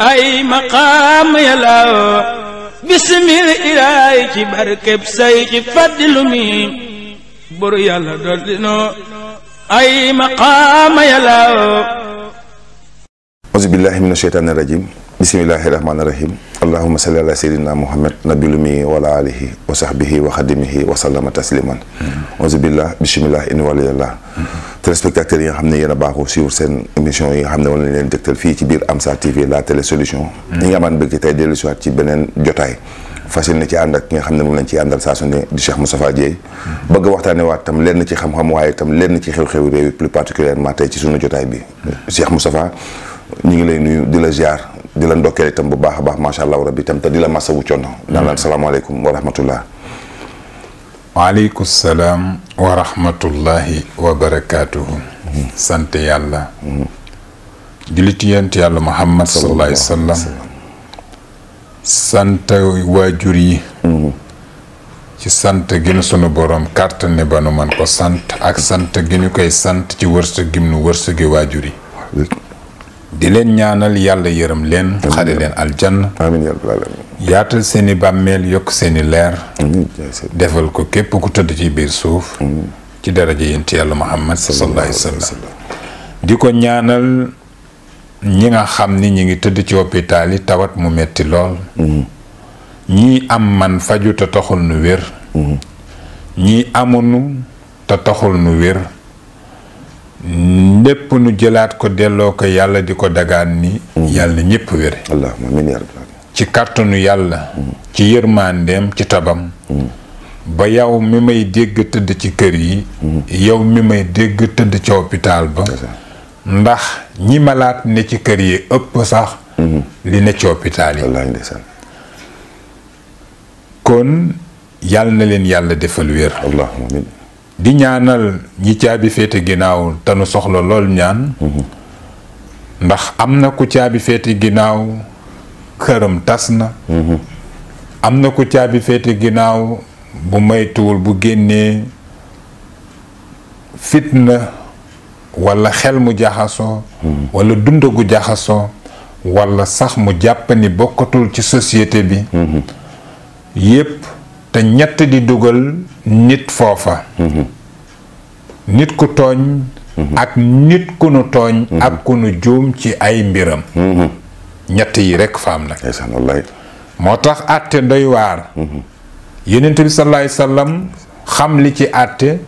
ay maqaam yàllaaw bisimil ilaay ci barkeb say ci faddilu mi buru yàlla dool dinoo ay maqaam yàllaaw auzu billahi min asheytaani rajim bismillahi rahmaani rahim allahuma salli ala sayyidina muhammad nabilumi wala alihi wa sahbihi wa xadimihi wa sallama tasliman auzubillah bismillah in waliyallah téléspectateurs yi nga xam ne yéen a baaxoo suivre seen émission yi nga xam ne wala leen dëgtal fii ci biir Amsa TV la télé solution ñi nga amaan bëgg tey dellu si waat nga xam ne moom lañ ciy àndal saa su ne di Cheikh Moustapha Dieye bëgg waxtaane waat itam lenn ci xam-xam waaye itam lenn ci xew-xewi réew yi plus particulièrement tey ci sunu jotaay bi Cheikh Moustapha ñu ngi lay nuyu di la ziar di la ndokkeel itam bu baax a baax macha allah rabbi itam te di la masawu coono. daan laan salaamaaleykum wa rahmatullah. waaleykum salaam wa rahmatullahi wa barakaatuhu. sant yàlla. julliti yent yàlla Muhammad sallallahu alayhi wa sallam. sant waajur yi. ci sant gi nu sunu borom kàttan ne ba nu man ko sant ak sant gi ñu koy sant ci wërsëg gi nu wërsëgi waajur yi. di leen ñaanal yàlla yërëm leen xare leen aljanna amiin yaa yaatal seen bàmmeel yokk seeni leer defal ko képp ku tëdd ci biir suuf ci daraja yent yàlla muhammad sallallahu alayhi wa sallam di ko ñaanal ñi nga xam ni ñi ngi tëdd ci hôpital tawat mu metti lool mm-hmm. ñii am man faju te taxul nu wér mm-hmm. ñii amunu te taxul nu wér lépp nu jëlaat ko delloo ko yàlla di ko dagaan ni yàlla ñëpp wére ci kàttanu yàlla ci yërmandeem ci tabam ba yow mi may dégg tëdd ci kër yi yow mi may dégg tëdd ci hôpital ba ndax ñi malaat ne ci kër yi ëpp sax mhm. li ne ci hôpital yi kon yàlla na leen yàlla defal wér di ñaanal ñi caabi féete ginnaaw te soxla lool ñaan ndax am na ku caabi féete ginnaaw këram tas na am na ku caabi féete ginnaaw bu maytuwul bu génnee fitna wala xel mu jaxasoo walla dundagu jaxasoo wala sax mu jàpp bokkatul ci société bi yépp te ñett di dugal nit foofa mm-hmm. nit ku tooñ mm-hmm. ak nit ku tooñ mm-hmm. ak ku juum ci ay mbiram ñett yi rekk fa am nag moo tax àtte doy waar yonent bi salaay sallam xam li ci àtte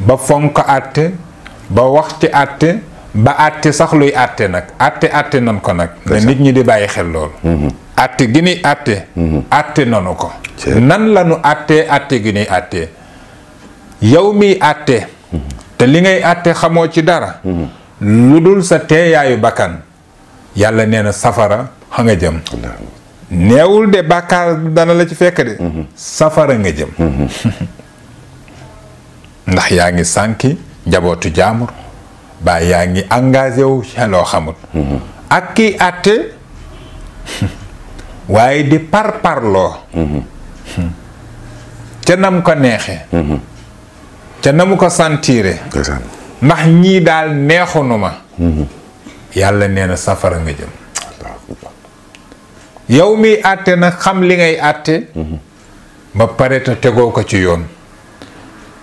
ba fonk àtte ba wax ci àtte ba àtte sax luy àtte nag àtte àtte nan ko nag na nit ñi di bàyyi xel lool àtte gi ni àtte àtte nanu ko nan la nu àttee àtte gi nuy àttee yow miy àtte te li ngay àtte xamoo ci dara lu dul sa teeyaayu bakkan yàlla nee safara nga jëm neewul de bàkkaar dana la ci fekk de safara nga jëm ndax yaa ngi sànki njabootu jaamur baa yaa ngi engagé wu loo xamul ak kiy àtte waaye di parparloo ca nam ko neexe mm-hmm. ca namu ko sentiire ndax ñii daal neexunu ma mm-hmm. yàlla nee na safara nga jëm yow miy àtte nag xam li ngay àtte mm-hmm. ba pare te tegoo ko ci yoon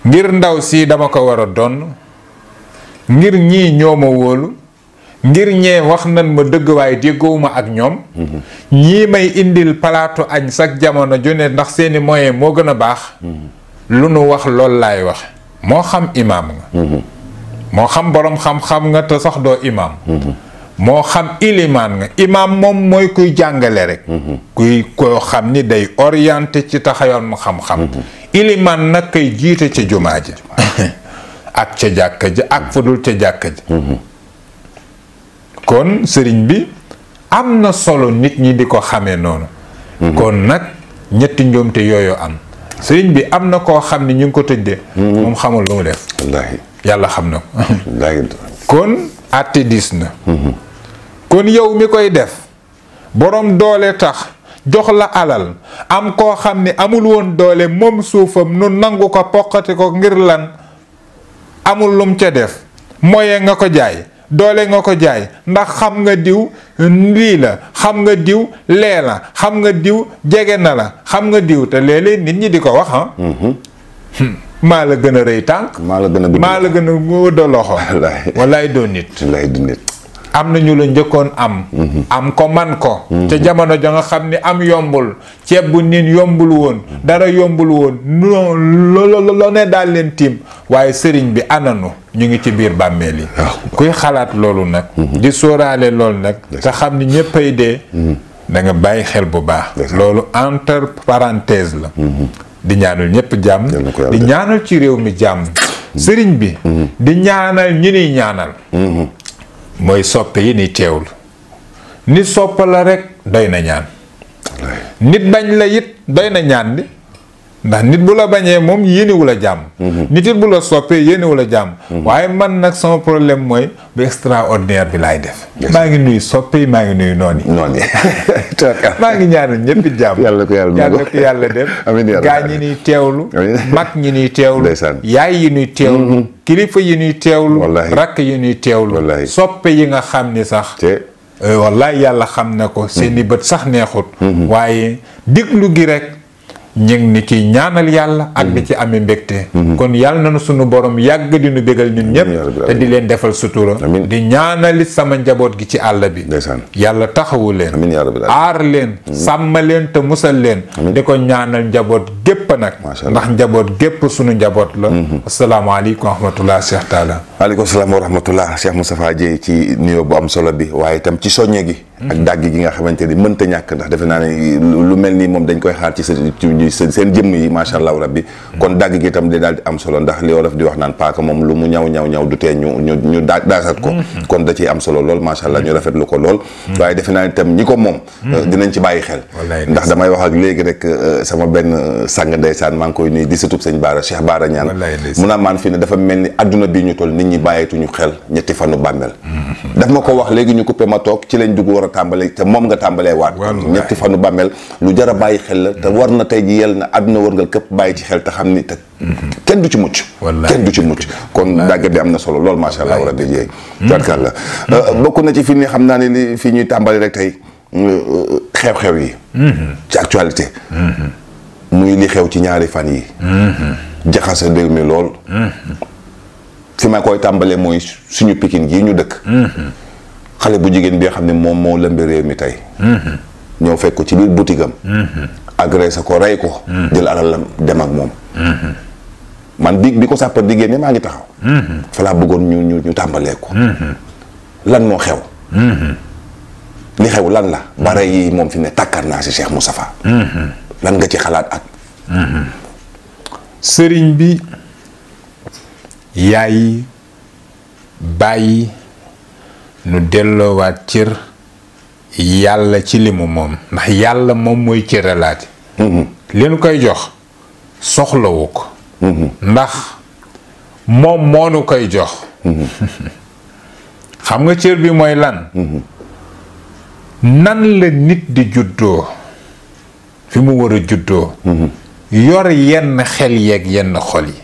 ngir ndaw sii dama ko war a donn ngir ñii ñoo wóolu ngir ñee wax nan ma dëgg waaye déggoowuma ak ñoom ñii may indil palaatu añ sag jamono ju ne ndax seeni moyen moo gën a baax lu nu wax lool laay wax moo xam imaam nga moo xam boroom xam nga te sax doo imaam moo xam ilimaan moom mooy kuy jàngale rek kuy koo xam ni day orienté ci taxayoon mu xam-xam ilimaan nag kay jiite ca jumaa ji ak ca jàkka ji ak fudul ca jàkka ji kon sëriñ bi am na solo nit ñi di ko xamee noonu mhm. kon nag ñetti njuumte yooyu am sëriñ bi am na koo xam ne ñu ngi ko tëj de mhm. moom xamul lu mu def wallaahi yàlla xam na ko kon àtte diis na mhm. kon yow mi koy def boroom doole tax jox la alal am koo xam ne amul woon doole moom suufam nu nangu ko poqati ko ngir lan amul lum ca def moye nga ko jaay doole nga ko jaay ndax xam nga diw lii la xam nga diw lee la xam nga diw jege na la xam nga diw te léeg-léeg nit ñi di ko wax ah. mm-hmm. hmm. maa la gën a rëy tànk. maa la gën a maa la gën a loxo. wallaay doon nit. wallaay du nit. am na ñu la njëkkoon am. Mhm. am ko man ko. ca mhm. jamono ja nga xam ni am yombul ceeb bu niin yombul woon dara yombul woon non lo ne daal leen tiim waaye sëriñ bi ananu ñu ngi ci biir bàmmeel yi. Ah. kuy xalaat loolu nag. Mhm. di sóoraale loolu nag. te xam ni ñëppay dee. da nga bàyyi xel bu baax. loolu entre parenthèse la. di ñaanal ñëpp jàmm. di ñaanal ci réew mi jàmm. sëriñ bi. di ñaanal ñi niy ñaanal. mooy soppe yi ni teewul nit sopp la rek doy na ñaan nit bañ la it doy na ñaan bi ndax nit bu la bañee moom yéenewul la jàmm mhm. nit it bu la soppee yéenewu la jàmm mhm. waaye man nag sama problème mooy bu extraordinaire bi laay def maa ngi nuyu soppee maa ngi nuyu noonu yi maa ngi ñaanal ñëpp jàmm yàlla ko yàlla def gaa ñi nuy teewlu mag ñi nuy teewlu yaay yi nuy teewlu mhm. kilifa yi nuy teewlu rakk yi nuy teewlu soppee yi nga xam ni sax eh, walla yàlla xam na ko seen seeni bët sax neexut waaye diglu gi rek ñu ngi ni ciy ñaanal yàlla ak di ci ami mbégte mhm. kon yàlla na nu sunu borom yàgg di nu bégal ñun ñëpp te di leen defal sutura di ñaanali sama njaboot gi ci àll bi yàlla taxawu leen aar leen mhm. sàmm leen te musal leen di ko ñaanal njaboot gépp nag ndax njaboot gépp sunu njaboot la mhm. asalaamaaleykum wa rahmatullah Cheikh Talla aleykum salaam wa rahmatullah Cheikh Moustapha Dieye ci nuyoo bu am solo bi waaye itam ci soññe gi ak dàgg gi nga xamante ni mënta ñàkk ndax defe naa ne lu mel nii moom dañ koy xaar ci seen seen jëmm yi macha allah rabbi kon dàgg gi itam day daal di am solo ndax li wolof di wax naan paaka moom lu mu ñaw ñaw ñaw du tee ñu ñu ñu daa daasat ko mm-hmm. kon da ciy am solo lool macha allah ñu rafetlu ko lool mm-hmm. waaye defe naa ne itam ñi ko moom mm-hmm. euh, dinañ ci bàyyi xel ndax damay wax ak léegi rek euh, sama benn euh, sàng ndeysaan maa ngi koy nuyu di satub sëñ Baara Cheikh Baara ñaan mu naa maan fii ne dafa mel ni adduna bi ñu toll nit ñi bàyyeetuñu xel ñetti fanu bàmmeel daf ma ko wax léegi ñu coupé ma toog ci lañ dugg war tàmbalee te moom nga tàmbalee waat ñetti fanu bàmmeel lu jar a bàyyi xel la te mm-hmm. war na tey ji yel na àdduna wërngal këpp bàyyi ci xel te xam ni te mm-hmm. kenn du ci mucc kenn du ci mucc kon dàggat bi am na solo loolu macha allah war a déjeey mm-hmm. tubaarkal la euh, na ci fi ni xam naa ne ni fii ñuy tàmbali rek tey euh, yi ci actualité muy li xew ci ñaari fan yi jaxase mbir mi lool fi ma koy tàmbalee mooy suñu pikin gii ñu dëkk xale bu jigéen bi xam ne moom moo lëmbe réew mi tey mhm. ñoo fekk ko ci biir boutique am mhm. agressé ko rey ko mhm. jël alalam dem ak moom man bi bi ko sàppar di maa ngi taxaw fa laa bëggoon ñu ñu ñu tàmbalee lan moo xew li xew lan la bare yi moom fi ne tàkkaat naa si seex Moustapha lan nga ci xalaat ak sëriñ bi yaay bàyyi nu delloowaat cër yàlla ci li mu moom ndax yàlla moom mooy cëralaate mm-hmm. li nu koy jox soxlawu ko mm-hmm. ndax moom moo nu koy jox mm-hmm. xam nga cër bi mooy lan nan la nit di juddoo fi mu wara juddoo yor yenn xel yeeg yenn xol yi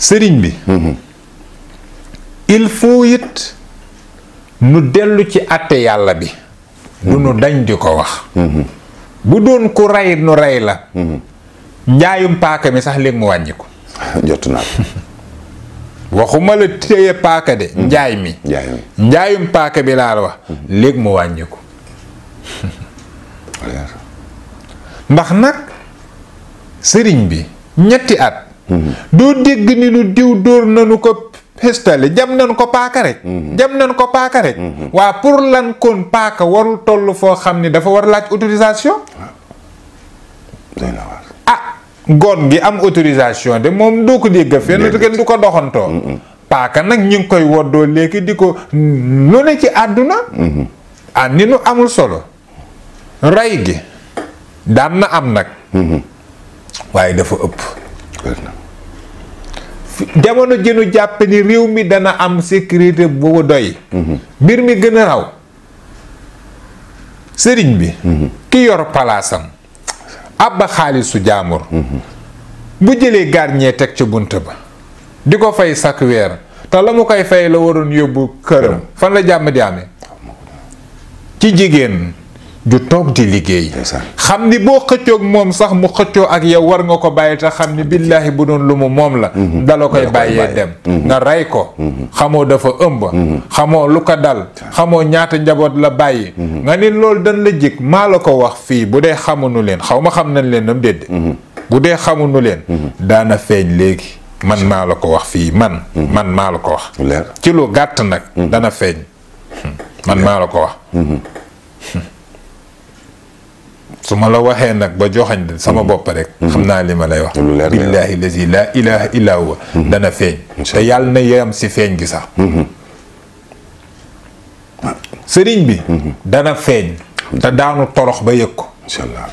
sëriñ bi mhm. il faut it nu dellu ci àtte yàlla bi du nu dañ di ko wax mhm. bu doon ku rey nu rey la mhm. njaayum paaka mi sax léegi mu wàññi ko jot naa waxuma la téye paaka de njaay mi njaayum paaka bi laa la wax léegi mu wàññi ndax nag sëriñ bi ñetti at doo dégg ni nu diw dóor nanu ko xestale jam na ko paaka jam nañ ko paaka rek mm-hmm. mm-hmm. waa pour lan kon paaka warul toll foo xam ni dafa war laaj autorisation a ah, goon gi am autorisation de moom doo ko dégg fenn kenn du ko doxantoo paaka nag ñu ngi koy woddoo léegi di ko lu ne ci àdduna mm-hmm. a ah, ni nu amul solo ray gi daan na am nag waaye dafa ëpp jamono ji nu jàpp réew mi dana am sécurité bu doy. Mhm. mbir mi gëna a raw sëriñ bi. Mhm. ki yor palaasam. abba xaalisu jaamur. Mhm. bu jëlee garñee teg ca bunt ba. di ko fay sak weer te la mu koy fay la waroon yóbbu këram. fan la jàmm di ci jigéen. ju toog di liggéey xam ni boo xëccoog moom sax mu xëccoo ak yow war nga ko bàyyi te xam ni billaahi bu doon lu mu moom la mhm. dala koy bàyyee dem mhm. nga rey ko mhm. xamoo dafa ëmb xamoo lu ko dal xamoo ñaata njaboot la bàyyi nga ni loolu dañ la jig maa la ko wax fii bu dee xamuñu leen xaw ma xam nañ leen nam dédd dee xamuñu leen daana feeñ léegi man maa la ko wax fii man man maa la ko wax ci lu gàtt nag dana feeñ hmm. man maa la ko wax su ma la waxee nag ba joxañ sama mm-hmm. bopp rek mm-hmm. xam naa li ma lay wax billaahi lazi laa ilaha illa mm-hmm. dana feeñ te yàlla na yem si feeñ gi sax sëriñ bi dana feeñ te daanu torox ba yëg ko inshallah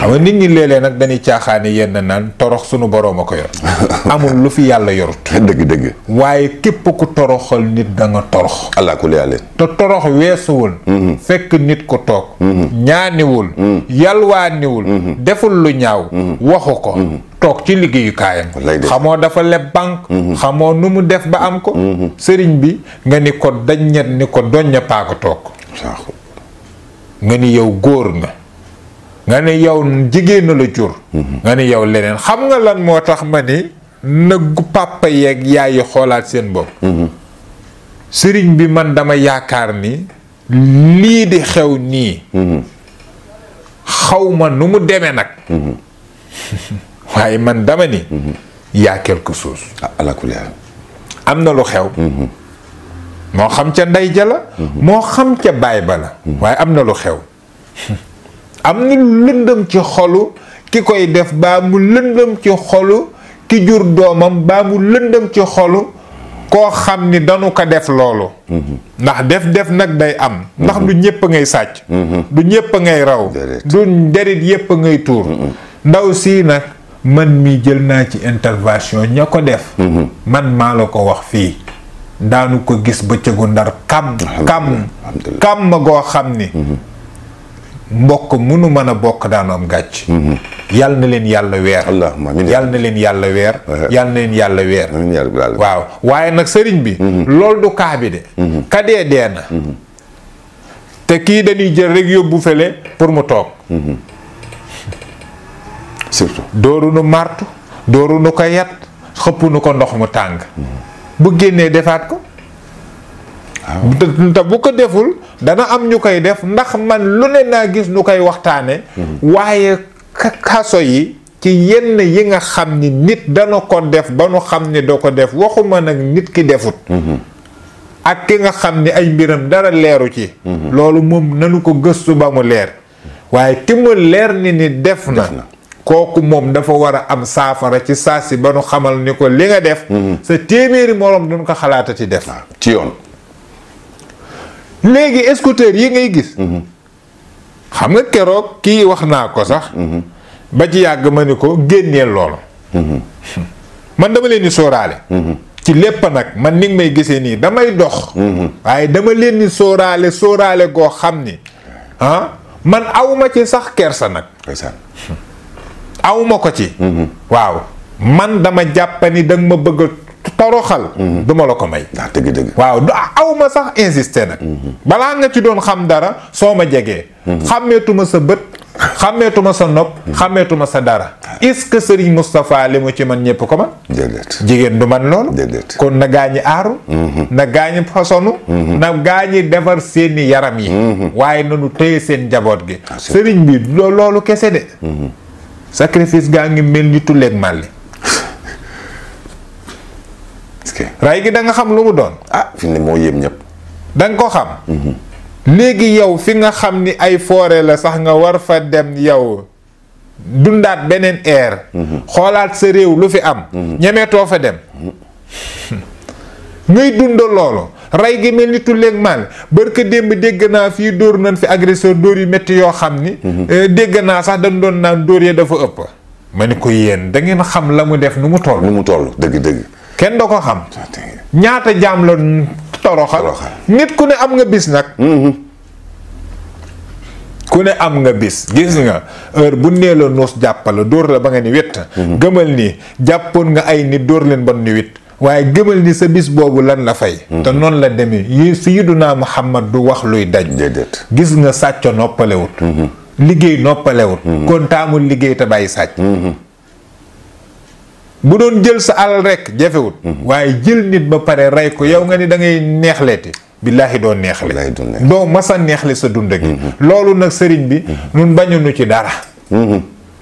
xam nga nit ñi léeg-léeg nag dañuy caaxaani yenn naan torox sunu boroom a ko yor amul lu fi yàlla yorut dëgg dëgg waaye képp ku toroxal nit danga nga torox alaakulli yàlla te torox weesuwul mm-hmm. fekk nit ko toog mm-hmm. ñaaniwul mm-hmm. yalwaaniwul deful lu ñaaw waxu ko toog ci liggéeyukaayam xamoo dafa leb banque xamoo nu mu def ba am ko sëriñ bi nga ni ko ko doñña paaka toog nga ni yow góor nga nga ne yow jigéen la jur mhm. nga ne yow leneen xam nga lan moo tax ma ni nëggu papa yeeg yaayi xoolaat seen bopp mhm. sëriñ bi man dama yaakaar ni lii di xew nii mhm. xaw ma nu mu demee nag waaye man dama ni yaa quelque chose ah, am na lu xew moo xam ca ndey ja la moo xam ca baay ba la waaye am na lu xew am na lu lëndëm ci xolu ki koy def baa mu lëndëm ci xolu ki jur doomam baa mu lëndëm ci xolu koo xam ni danu ko def loolu mm-hmm. ndax def-def nag day am ndax du mm-hmm. ñépp ngay sàcc mm-hmm. du ñépp ngay raw du derit yépp ngay tuur ndaw sii nag man mi jël naa ci intervention ña ko def man maa la ko wax fii daanu ko gis bëccëgu ndar kam kam kam ma goo xam ni mbokk munu mën a bokk daanu am gàcc mhm. yal na leen yàlla weer yal na leen yàlla weer eh. yal na leen yàlla weer waaw waaye nag sëriñ bi mhm. lool du kaa bi de mhm. kadee dee na te kii dañuy jël rek yóbbu fële pour mu toog surtout dooru nu martu dooru nu ko yat xëpp nu ko ndox mu tàng bu génnee defaat ko te bu ko deful dana am ñu koy def ndax man lu ne naa gis nu koy waxtaane mhm. waaye kaso yi ci yenn yi nga xam ni nit dana ko def ba nu xam ni doo ko def waxuma nag nit ki defut mhm. ak ki nga xam ni ay mbiram dara leeru ci mhm. loolu moom nanu ko gëstu ba mu leer waaye ki mu leer ni ni def na kooku moom dafa war a am saafara ci saa si ba nu xamal ni ko li nga def sa téeméeri moroom duñ ko xalaatati def ci yoon léegi scooter yi ngay gis. Mhm. xam nga keroog kii wax naa ko sax. Mhm. ba ci yàgg ma ni ko génneel loolu. Mhm. man dama leen di sóoraale. ci lépp nag man ni may gisee nii damay dox. waaye dama leen di sóoraale sóoraale goo xam ni ah, man awma ci sax kersa nag. awma ko ci. waaw man dama jàpp ni danga ma bëgg toroxal mhm. du ma la ko may ah, dëgg waaw du ah, aw ma sax insister nag mhm. balaa nga ci doon xam dara soo ma jegee mhm. xàmmeetuma sa bët xàmmeetuma sa nopp xàmmeetuma sa dara ah. est-ce que Serigne Moustapha li mu ci man ñëpp ko man jigéen du man loolu kon na gaañi aaru na gaañi fasonu na gaañi defar seeni yaram yi waaye nanu téye seen njaboot gi Serigne bi loolu kese de sacrifice gaa ngi mel ni tulleeg màlli ray gi da xam lu mu doon. ah fi ne moo yéem ñëpp. danga ko xam. Mm-hmm. léegi yow fi nga xam ni ay foore la sax nga war fa dem yow dundaat beneen air. Mm-hmm. xoolaat sa réew lu fi am. Mm-hmm. ñemeetoo fa dem. ngay dunda loolu rey gi mel ni tulleeg mal barka démb dégg naa fii dóor nañ fi agresseur dóor yu métti yoo xam ni. Eh, dégg naa sax dañ doon naan dóor ya dafa ëpp. ma ni ko yéen da ngeen xam la mu def nu mu toll. nu mu toll dëgg dëgg. kenn da ko xam. ñaata jaam la toroxal. nit ku ne am nga bis nag. Mm-hmm. ku ne am nga bis gis nga heure bu nee la noos jàppale dóor la ba nga ni wet. Mm-hmm. gëmal nii jàppoon nga ay nit dóor leen ba ni wit waaye gëmal ni sa bis boobu lan la fay. Mm-hmm. te noonu la demee yi xam Muhammad du wax luy daj. gis nga sàcc noppalewut. liggéey noppalewul mm-hmm. kon taamul liggéey te bàyyi sàcc mm-hmm. bu doon jël sa alal rekk jafewut mm-hmm. waaye jël nit ba pare rey ko yow nga ni da ngay neexleeti billaahi doo neexle doo masa neexle sa dund gi loolu nag sëriñ bi nun bañunu ci dara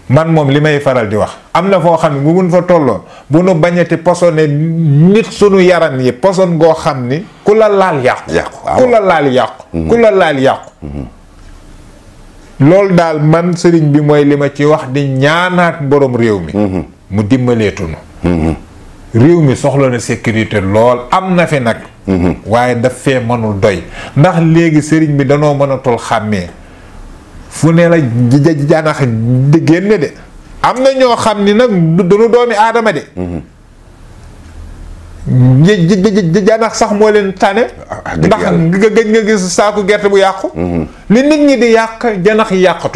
man moom li may faral di wax am na foo xam ne bu mun fa tolloo bu nu bañati posone nit sunu yaram yi poson goo xam ni ku la laal yàqu ku la laal yàqu ku la laal yàqu loolu daal man sëriñ bi mooy li ma ci wax di ñaanaat borom réew mi. Mhm. mu dimbaleetunu mhm. réew mi soxla na sécurité lool am na fi nag. Mhm. waaye daf fee mënul doy ndax léegi sëriñ bi danoo mënatul xàmmee fu ne la janax di génne de am na ñoo xam ni nag du doomi aadama de. janax sax moo leen tane ah, ndax nga gëj nga gis saaku gerte bu yàqu mm-hmm. li nit ñi di yàq janax yi na ko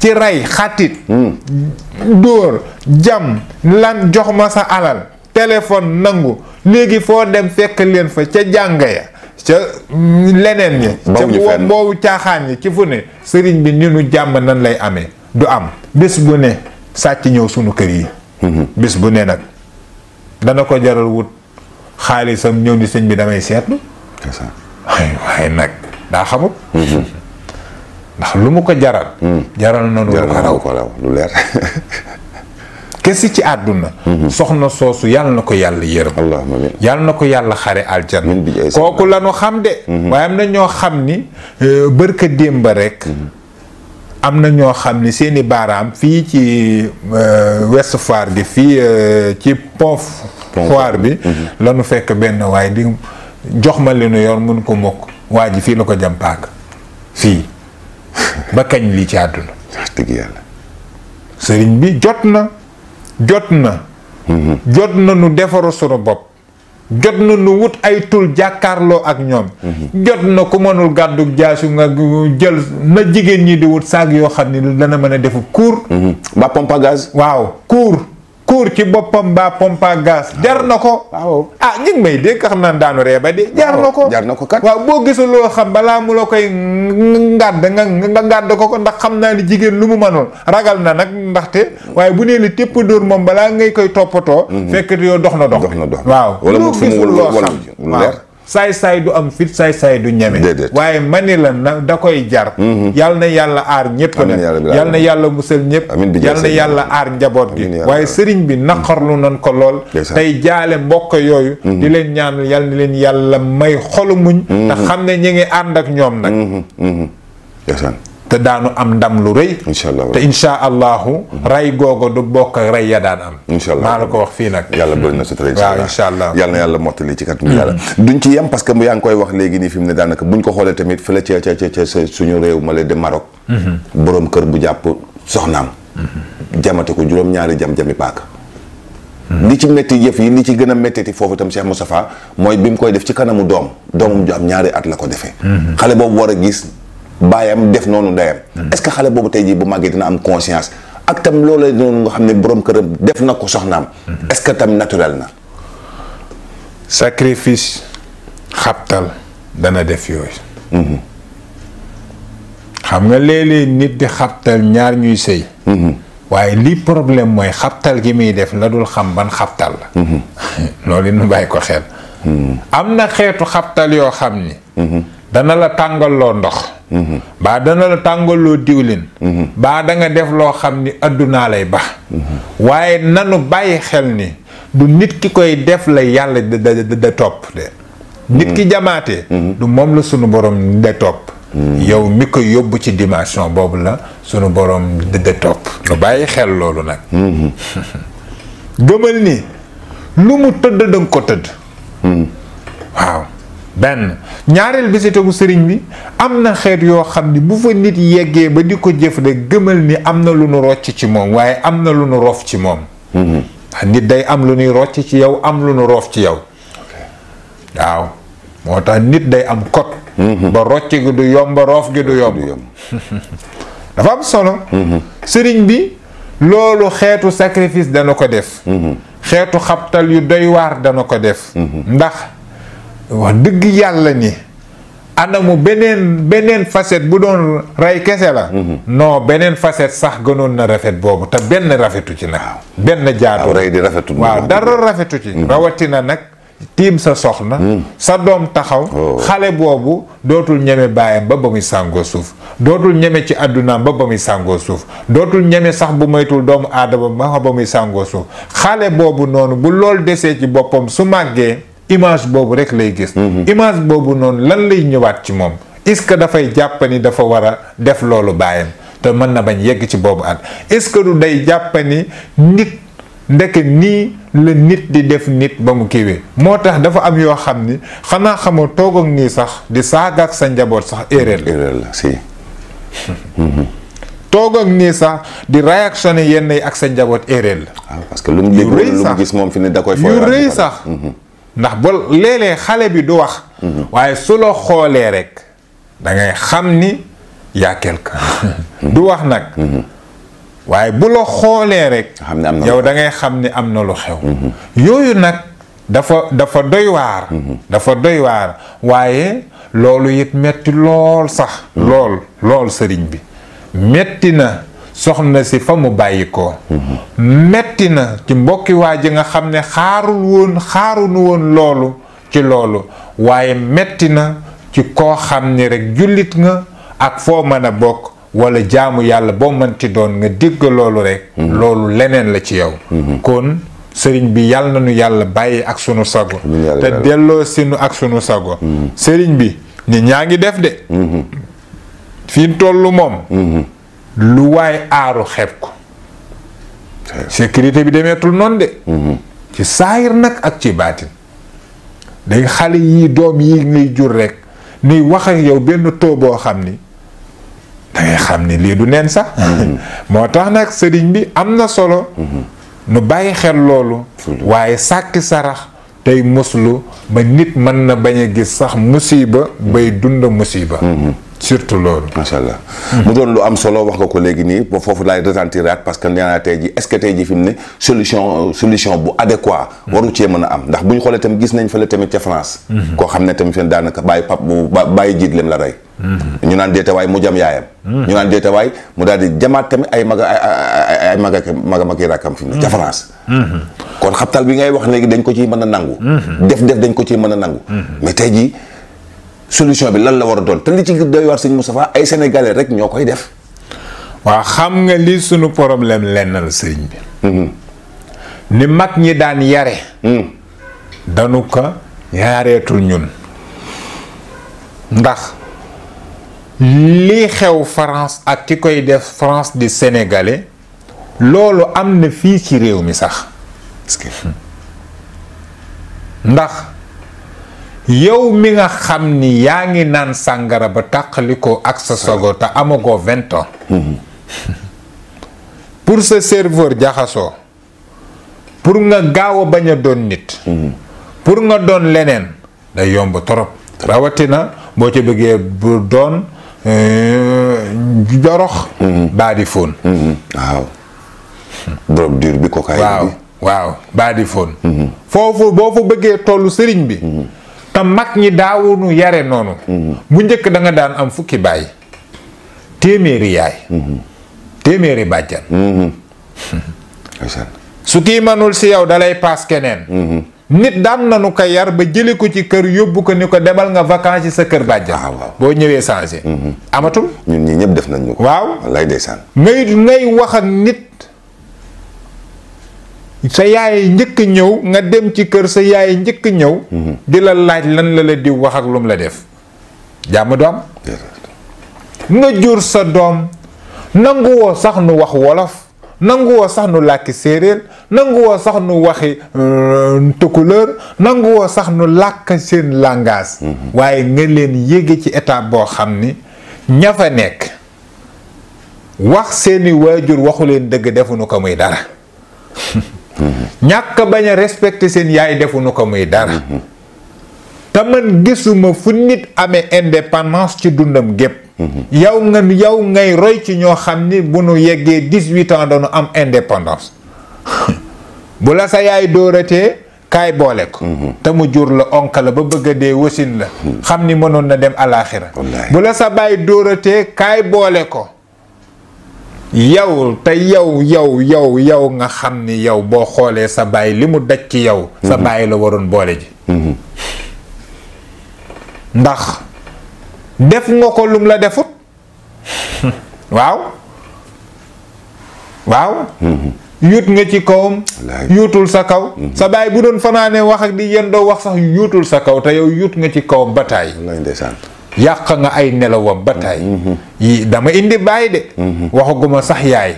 ci rey xatit mm. dóor jam lan jox ma sa alal téléphone nangu léegi foo dem fekk leen fa ca jàng ya ca leneen ñi ca boobu caaxaan yi ci fu ne sëriñ bi ni nu jàmm nan lay amee du am bés bu ne sàcc ñëw sunu kër yi mm-hmm. bés bu ne nag dana ko jaral wut xaalisam ñëw ni sëñ bi damay seet c'est ça waaye nag daa xamut. Mm-hmm. ndax lu mu ko jaral. Mm. jaral na lu ko raw lu leer. kesi ci àdduna. Mm-hmm. soxna soosu yàlla na ko yàlla yërëm. yàlla na ko yàlla xare aljanna. kooku la ñu xam de. Mm-hmm. waaye am na ñoo xam ni euh, bërka démb rek. am na ñoo xam ne seeni baaraam fii ci euh, Ouest Foire gi fii euh, ci pont Foire bi mhm. lañu fekk benn waaye di jox ma li nu yor mun ko mokk waa ji fii la ko jam paak fii ba kañ lii ci àdduna sëriñ bi jot na jot na mhm. jot na nu defaru sunu bopp jot na nu wut ay tul jàkkaarloo ak ñoom mhm. jot na ku mënul gàddu jaasu nga jël na jigéen ñi di wut saag yoo xam ni dana mën a defu cour mhm. ba pompe à waaw cour kuur ci boppam ba pompe à gaz ah jar na ko ah, ah ñu ngi may dégg xam naa daanu ree ba di ah jar na ko jar na ko kat waaw boo gisuloo xam balaa mu la koy ngàdd nga nga ngàdd ko ko ndax xam naa ni jigéen lu mu mënoon ragal na nag ndaxte waaye bu nee li tépp dóor moom balaa ngay koy toppatoo mhm. fekk yow dox na dox dox na dox waaw wala mu fi mu wol wol lu leer saay-saay du am fit saay-saay du ñeme waaye mani la na da koy jar mm-hmm. yal na yàlla aar ñëpp na yal na yàlla musal ñëpp yal na yàlla aar njaboot gi waaye sëriñ bi naqarlu nan ko lool tey jaale mbokk yooyu mm-hmm. di leen ñaanal yal na leen yàlla may xolu muñ mm-hmm. te xam ne ñi ngi ànd ak ñoom nag te daanu am ndam lu rëy. incha allah te incha allahu. ray googu du bokk ak ray ya daan am. incha allah maa la ko wax fii nag. yàlla bëri na sutura incha allah yàlla na duñ ci yem parce que yaa ngi koy wax léegi nii fi mu ne daanaka buñ ko xoolee tamit fële ca ca ca suñu réew ma la de Maroc. Mhm. borom kër bu jàpp soxnaam. Mhm. jamate ko juróom ñaari jam jami paaka. Mhm. li ci métti yëf yi li ci gën a méttiti foofu itam Cheikh Moustapha mooy bi mu koy def ci kanamu doom doomam ju am at la ko defee. xale boobu a baayam def noonu ndeyam. Hmm. est-ce que xale boobu tey jii bu màggee dina am conscience ak tam loolu la noonu nga xam ne boroom këram def na ko soxnaam. Hmm. est-ce que tam naturel na. sacrifice xabtal dana def hmm. xam nga léeg nit di xabtal ñaar ñuy sëy. waaye lii problème mooy xabtal gi muy def la xam ban xabtal la. loolu ko xel. am na xeetu xabtal yoo xam ni. dana la tàngaloo ndox. baa dana la tàngaloo diwlin mhm. baa danga def loo xam ni àddunaa lay ba mhm. waaye nanu bàyyi xel ni du nit ki koy def la yàlla da da topp de mhm. nit ki jamaate du moom la sunu borom de topp yow mi ko yóbbu ci dimension boobu la sunu borom de topp nu bàyyi xel loolu nag gëmal ni lu mu tëdd danga ko tëdd benn ñaareel bi si sëriñ bi am na xeet yoo xam ni bu fa nit yeggee ba di ko jëf de gëmal ni am na lu nu rocc ci moom waaye am na lu nu rof ci moom mm-hmm. nit day am lu nuy rocc ci yow am lu nu roof ci yow waaw moo tax nit day am kot mm-hmm. ba rocc gi du yomb roof gi du yomb dafa am solo mm-hmm. sëriñ bi loolu xeetu sacrifice dana ko def xeetu xabtal yu doy waar dana ko def ndax wax dëgg yàlla ni anamu beneen beneen faset bu doon rey kese la mhm. non beneen faset sax gënoon na rafet boobu te benn rafetu ci na benn jaatu di rafetu waaw dara rafetu ci mhm. na nag tiim sa soxna mhm. sa doom taxaw oh. xale boobu dootul ñeme baayam ba ba muy sàngoo suuf dootul ñeme ci àddunaam ba ba sàngoo suuf dootul ñeme sax bu moytul doomu aadama ba ba muy sàngoo suuf xale boobu noonu bu lool desee ci boppam su màggee image boobu rek lay gis mhm. image boobu noonu lan lay ñëwaat ci moom est-ce que dafay jàpp ni dafa war a def loolu baayam te mën na bañ yegg ci boobu at est-ce que du day jàpp ni nit ndekk nii la nit di def nit ba mu kiiwee moo tax dafa am yoo xam ni xanaa xamoo toog ak nii sax di saaga ak sa njaboot sax erreur la toog ak nii sax di réactionné yenn yi ak sa njaboot erreur la ah, parce que lu mu yu rëy sax ndax ba léeg-léeg xale bi du wax mhm. waaye su la xoolee rek da ngay xam ni yaa quelqu'un mhm. du wax nag mhm. waaye bu la xoolee rek yow da ngay xam ni am na lu xew yooyu nag dafa dafa doy waar dafa doy waar waaye loolu it metti lool sax lool lool sëriñ bi metti na soxna si fa mu bàyyi ko metti na ci mbokki waa ji nga xam ne xaarul woon xaarunu woon loolu ci loolu waaye metti na ci koo xam ni rek jullit nga ak foo mën a bokk walla jaamu yàlla boo mënti doon nga dégg loolu rekk mhm. loolu leneen la ci yow mhm. kon sëriñ bi yàlla nu yàlla bàyyi ak sunu sago te delloo sinu ak sunu sago mhm. sëriñ bi nit ñaa ngi def de fi tollu moom lu waay aaru xeeb ko sécurité bi demeetul noonu de mhm. ci saayir nag ak ci baatin day xale yi doom yi ngay jur rek ni wax ak yow benn taux boo xam ni dangay xam ni lii du neen sax mhm. moo tax nag sëriñ bi am na solo mhm. nu bàyyi xel loolu waaye sàkki sarax tey muslu ba nit mën na bañ a gis sax musiba bay dund musiba surtout loolu. macha allah mu doon lu am solo wax nga ko léegi nii ba foofu laay retentiraat parce que nee naa tey jii est ce que tey jii fi mu ne solution euh, solution bu adéquat. waru cee mën a am ndax bu ñu xoolee tamit gis nañ fële tamit ca France. Mhm. la rey. Mhm. ñu naan deetawaay mu mhm. kon xabtal bi ngay wax léegi dañ ko ciy mën a nangu. def def dañ ko ciy mën a nangu. mais tey jii solution bi lan la war a doon te li ci doy waar sëñ Moustapha ay sénégalais rek ñoo koy def. waa xam nga li sunu problème lenn la sëriñ bi. Mhm. ni mag ñi daan yare. Mhm. danu ko yaareetul ñun. ndax li xew France ak ki koy def France di sénégalais loolu am na fii ci réew mi sax. Hmm. ndax yow mi nga xam ni yaa ngi naan sàngara ba tàqalikoo ak sa sogo te amagoo vingt pour sa serveur jaxasoo pour nga gaaw a bañ a doon nit pour nga doon leneen day yomb torop rawatina boo ci bëggee bu doon euh, jorox baadi fóon waaw drogue dure fóon mm-hmm. foofu boo fa bëggee tollu sëriñ bi mm-hmm. te mag ñi daawunu yare noonu mhm. bu njëkk da nga daan am fukki baay téeméeri yaay mhm. téeméeri bàjjan mhm. su kii manul si yow dalay paas keneen nit daan nanu ko yar ba jëli ko ci kër yóbbu ko ni ko demal nga vacances sa kër bàjjan ah, boo ñëwee changé amatul ñun ñi ñëpp def nañ ñu ko waaw lay ndeysaan ngay ngay wax nit sa yaay njëkk ñëw nga dem ci kër sa yaay njëkk ñëw mhm. di la laaj lan la la di wax ak lum la def jàmm doom nga jur sa doom nanguwoo sax nu wax wolof nanguwoo sax nu làkki séeréer sax nu waxi euh, tukulóor nanguwoo sax nu làkk seen langage mhm. waaye nga leen yéege ci état boo xam ni ña fa nekk wax seeni waajur waxu leen dëgg defuñu ko muy dara ñàkk bañ a respecté seen yaay defuñu ko muy dara te man gisuma fu nit amee indépendance ci dundam gépp yow nga yow ngay roy ci ñoo xam ni bu nu yeggee dix-huit ans dañu am indépendance bu la sa yaay dóoratee kaay boole ko mhm. te mu jur la onk la ba bëgg a dee wasin la mhm. xam ni mënoon na dem alaaxira bu la sa baay dóoratee kaay boole ko yow te yow yow yow yow nga xam ni yow boo xoolee sa baay li mu daj ci yow. sa mhm. baay la waroon boole ji. Mhm. ndax def nga ko lum la defut waaw waaw. Mhm. yuut nga ci kawam. yuutul sa kaw. sa baay bu doon fanaanee wax ak di yendoo wax sax yuutul sa kaw te yow yuut nga ci kawam ba taay. ndeysaan yàq nga ay nelawam ba tey mm-hmm. yi dama indi bàyyi de mm-hmm. waxaguma sax yaay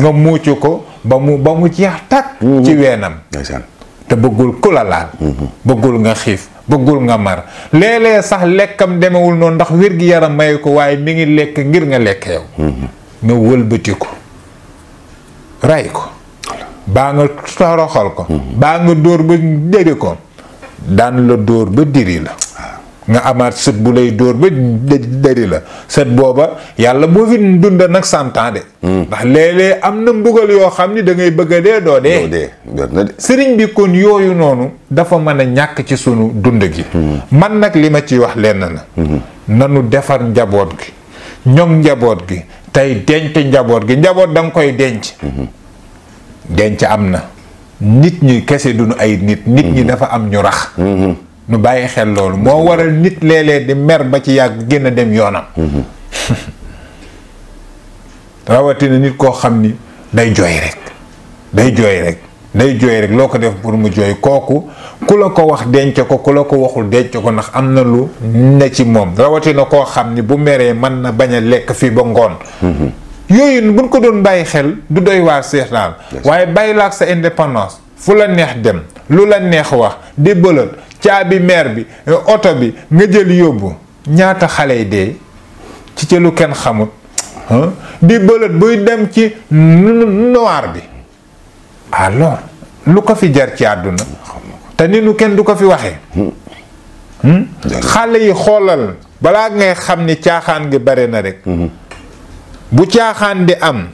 nga muucu ko ba mu ba mu jeex tàkk mm-hmm. ci weenam te bëggul ku bëggul nga xiif bëggul nga mar lee léeg sax lekkam demewul noonu ndax wér gi yaram mayu ko waaye mi ngi lekk ngir nga lekk yow nga wëlbati ko ray ko baa nga toroxal ko baa nga dóor ba diri ko daan la dóor ba diri la nga amaat sët bu lay dóor ba dëri la sët booba yàlla boo fi dunda nag cent de hmm. ndax léeg-léeg am na mbugal yoo xam ni da ngay bëgg a dee doo dee sëriñ bi kon yooyu noonu dafa mën a ñàkk ci sunu dund gi hmm. man nag li ma ci wax lenn na hmm. nanu defar njaboot gi ñoŋ njaboot gi tey denc njaboot gi njaboot danga koy denc denc am na nit ñi kese duñu ay nit nit ñi dafa am ñu rax nu bàyyi xel loolu moo waral nit léeg lee di mer ba ci yàgg génn dem yoonam mm-hmm. rawatina nit koo xam ni day jooy rek day jooy rek day jooy rek loo ko def pour mu jooy kooku ku la ko wax denc ko ku la ko waxul denc ko ndax am na lu ne ci moom rawatina koo xam ni bu meree mën na bañ a lekk fii ba ngoon mm-hmm. yooyu buñ ko doon bàyyi xel du doy waar seetaan waaye bàyyi la ak sa indépendance fu la neex dem lu la neex wax di bëlët caabi meer bi eh, oto bi nga jël yóbbu ñaata xale yi dee ci ca kenn xamut di bëlët buy dem ci noir bi alors lu ko fi jar ci àdduna te ni nu kenn du ko fi waxee xale yi xoolal balaa ngay xam ni caaxaan gi bare na rek mm-hmm. bu caaxaan di am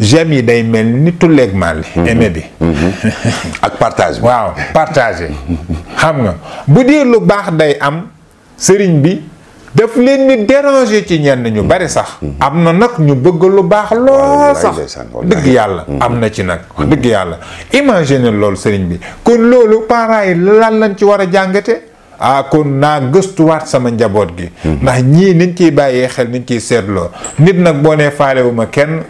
j'aime yi day mel ni tulleeg maal mhm. aimé bi mhm. ak partage waaw partage xam nga bu dee lu baax day am sëriñ bi daf leen ni déranger ci ñenn ñu bari sax mhm. am na nag ñu bëgg lu baax lool sax dëgg yàlla am na ci nag digg yàlla imagine loolu sëriñ bi kon loolu parents yi lan lañ ci war a jàngate ah kon naa gëstuwaat sama njaboot gi ndax ñii niñ ciy bàyyee xel niñ ciy seetloo nit nag boo nee faalewu ma kenn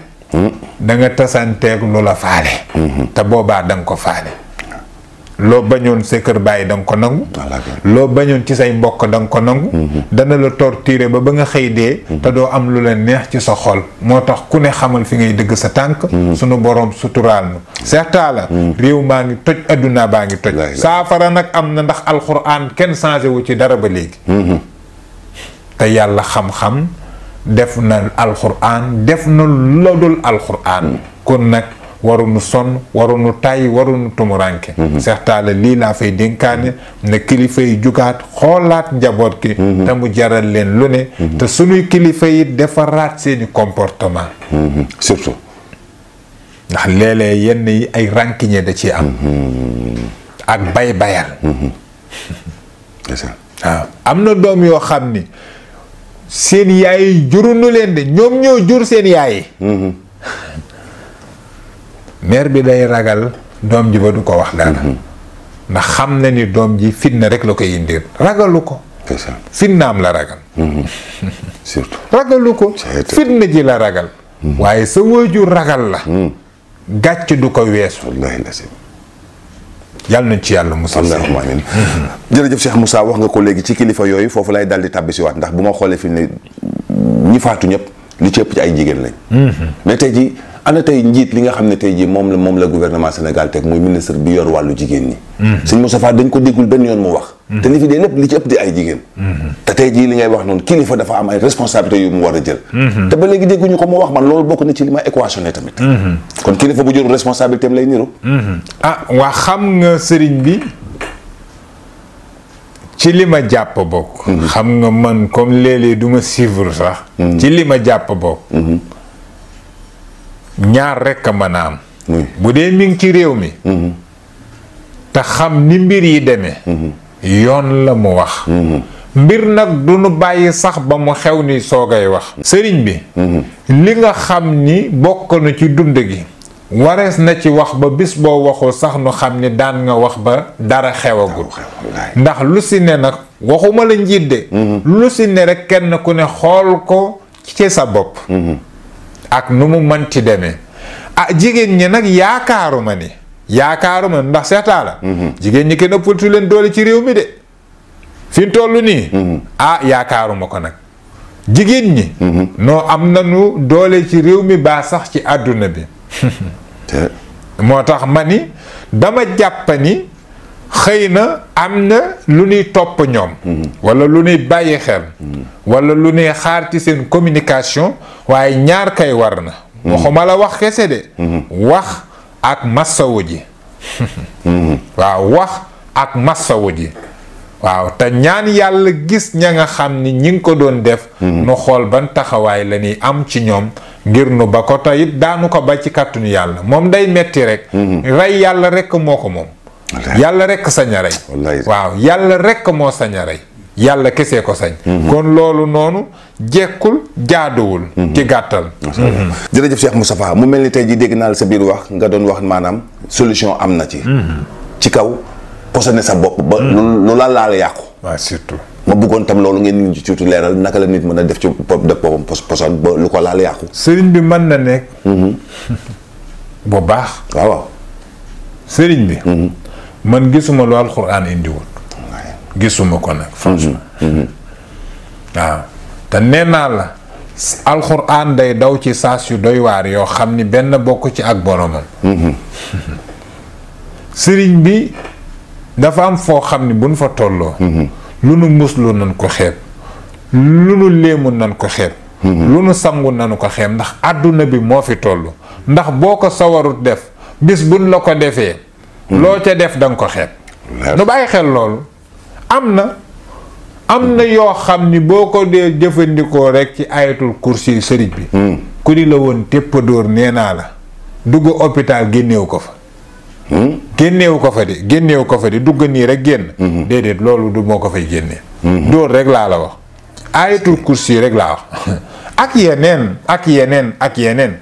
da nga tasanteeg lu la faale mm-hmm. te boobaa da ko faale loo bañoon sa kër bàyyi da nga ko nangu loo bañoon ci say mbokk da nga ko nangu mm-hmm. dana la torturer ba ba nga xëy dee mm-hmm. te doo am lu leen neex ci sa xol moo tax ku ne xamal fi ngay dëgg sa tànk sunu borom suturaal nu certain la réew maa ngi toj adduna baa ngi toj saafara nag am na ndax alxuraan kenn changé wu ci dara ba léegi te yàlla xam-xam def na alxuraan def na lodul alxuraan mm. kon nag waruñu son waruñu tay waruñu tumuranke mm-hmm. Seex Taala lii laa fay dénkaane ne kilifa yi jugaat xoolaat njaboot gi mm-hmm. te mu jaral leen lu ne mm-hmm. te sunuy kilifa yi defaraat seeni comportement surtout ndax léeg-léeg yenn yi ay rànkiñe da ci am ak bay bayal waaw am na doom yoo xam ni seen yaay yi jurunu leen de ñoom ñoo jur seen yaay yi mm-hmm. mère bi day ragal doom ji ba du ko wax dara mm-hmm. ndax xam na ni doom ji fitna rek la koy indir ragalu ko fitnaam la ragal mm-hmm. ragalu ko fitna ji la ragal waaye sa waajur ragal la gàcc du ko weesu yàlla nañ ci yàlla musal amiin mm-hmm. jërëjëf Cheikh Moussa wax nga ko léegi ci kilifa yooyu foofu lay dal di tàbbi si waat ndax bu ma xoolee fi ne ñi faatu ñëpp li ci ëpp ci ay jigéen lañ mm-hmm. mais tey ji ana tey njiit li nga xam ne tey ji moom la moom la gouvernement Sénégal teg muy ministre bi yor wàllu jigéen ñi mm-hmm. sëñ Moustapha dañ ko déggul benn yoon mu wax te li fi dee lépp li ci ëpp di ay jigéen mhm. te tey jii li ngay wax noonu kilifa dafa am ay responsabilités yu mu war a jël mhm. te ba léegi dégguñu ko mu wax man loolu bokk na ci li ma équationné tamit mhm. kon kilifa bu jël responsabilité am lay niru ah xam nga sëriñ bi li ma jàpp bokk xam nga man comme léeg duma du sax ci li ma jàpp bokk ñaar rekk a mën a am bu dee mi ngi ci réew mi te xam ni mbir yi deme yoon la mu wax mhm. mbir nag du nu bàyyi sax ba mu xew ni soogay wax sëriñ bi mhm. li nga xam ni bokk na ci dund gi warees na ci wax ba bis boo waxul sax nu xam ni daan nga wax ba dara xewagul ndax lu si ne nag waxuma la njiit de mhm. lu si ne rek kenn ku ne xool ko ci sa bopp ak nu mu mënti demee a ah jigéen ñi nag yaakaaruma ni yaakaaruma ndax seetaa la jigéen ñi kenn ëppatu leen doole ci réew mi de fi mu nii ah yaakaaruma ko nag jigéen ñi noo am nañu doole ci réew mi baa sax ci àdduna bi moo tax ma ni dama jàpp ni xëy na am na lu ñuy topp ñoom walla lu ñuy bàyyi xel walla lu ñuy xaar ci seen communication waaye ñaar kay war na waxuma la wax kese de mm-hmm. wax ak massawu ji waaw wax ak massawu ji waaw te ñaan yàlla gis ña nga xam ni ñi ngi ko doon def nu xool ban taxawaay la ñuy am ci ñoom ngir nu ba ko te daanu ko ba ci kàttanu yàlla moom day metti rek rey yàlla rekk moo ko moom yàlla rek sañ a rey yàlla rek moo sañ yàlla kesee ko sañ mhm. kon loolu noonu jekkul jaaduwul. ci gàttal. jërëjëf Cheikh Moustapha mu mel ni tey jii dégg naa la sa biir wax nga doon wax maanaam solution am na ci. ci kaw ne sa bopp ba. lu la laal yàqu. waaw surtout. ma bëggoon tam loolu ngeen ñu ci leeral naka la nit mën a def ci def boppam poson ba lu ko laal yàqu. sëriñ bi mën na nekk. Mhm. bu baax. waaw sëriñ bi. Mhm. man gisuma lu alxuraan indiwul. gisuma ko nag mhm. naa la. alxuraan day daw ci saas yu doy waar yoo xam ni benn bokk ci ak boromam mhm. sëriñ bi dafa am foo xam ni buñ fa tolloo mhm. lu nu muslu nan ko xeeb lu nu léemu nan ko xeeb mhm. lu nu sangu nanu ko xeeb ndax àdduna bi moo fi toll ndax boo ko sawarut def bis buñ la ko defee loo ca def danga ko xeeb nu bàyyi xel loolu am na am na yoo xam ni boo ko dee jëfandikoo rek ci ayatul kursi sëriñ bi hmm. ku ni la woon dóor nee naa la dugg hôpital génneewu ko fa hmm. génneewu ko fa di génneewu dugg nii rek génn hmm. déedéet loolu du moo ko fay génnee dóor rek laa la wax ayatul kursi rek laa wax ak yeneen ak yeneen ak yeneen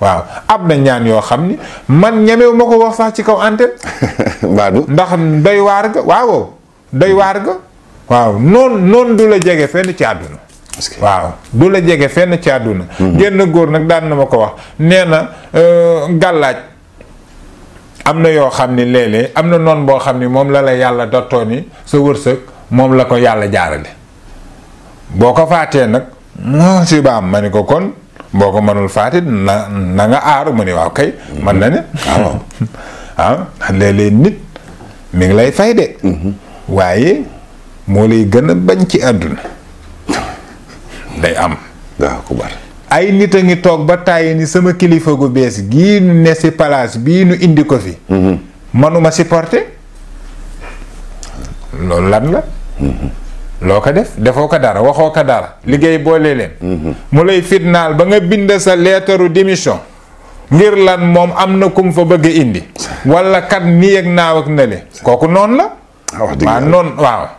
waaw am na ñaan yoo xam ni man ñemewu ma ko wax sax ci kaw antenne. ndax doy waar ga waaw doy waar ga waaw noonu noonu du la jege fenn ci àdduna waaw du la jege fenn ci àdduna hmm. génn góor nag daan na ma ko wax nee na euh, gàllaaj am na yoo xam ni léeg am na noon boo xam ni moom la la yàlla dottoo ni sa wërsëg moom la ko yàlla jaarale boo ko faatee nag mu si baam ma ni ko kon boo ko mënul faati na na nga aaru mu ni waaw kay mën na ne waaw hmm. ah, ah nit mi ngi lay fay de hmm. waaye moo lay gën a bañ ci àdduna day am waaw ku bar ay nit a ngi toog ba tàyyi ni sama kilifa gu bees gii nu ne si palaas bii nu indi ko fi mm-hmm. manuma porte loolu lan la mm-hmm. loo ko def defoo ko dara waxoo ko dara liggéey boole leen mm-hmm. mu lay fitnaal ba nga bind sa leetaru démission ngir lan moom am na kum fa bëgg indi wala kat nii ak naaw ak na le kooku noonu la ah, waaw noonu waaw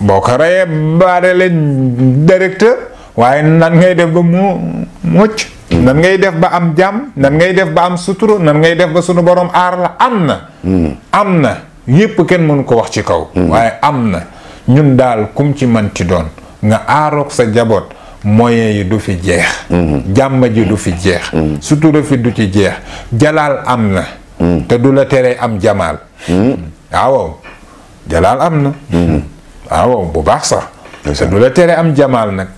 boo ko reyee baarele directeur waaye nan ngay def ba mu mucc nan ngay def ba am jàmm nan ngay def ba am suturu nan ngay def ba sunu boroom aar la am na hmm. am na yépp kenn mënu ko wax ci kaw hmm. waaye am na ñun daal kum ci man ci doon nga aarook sa jaboot moyens yi du fi jeex hmm. jàmm ji du fi jeex sutura fi du ci jeex jalaal am na te du la teree am jamaal waaw jalaal am na Ah, waaw bu baax sax te du la tere am jamaal nag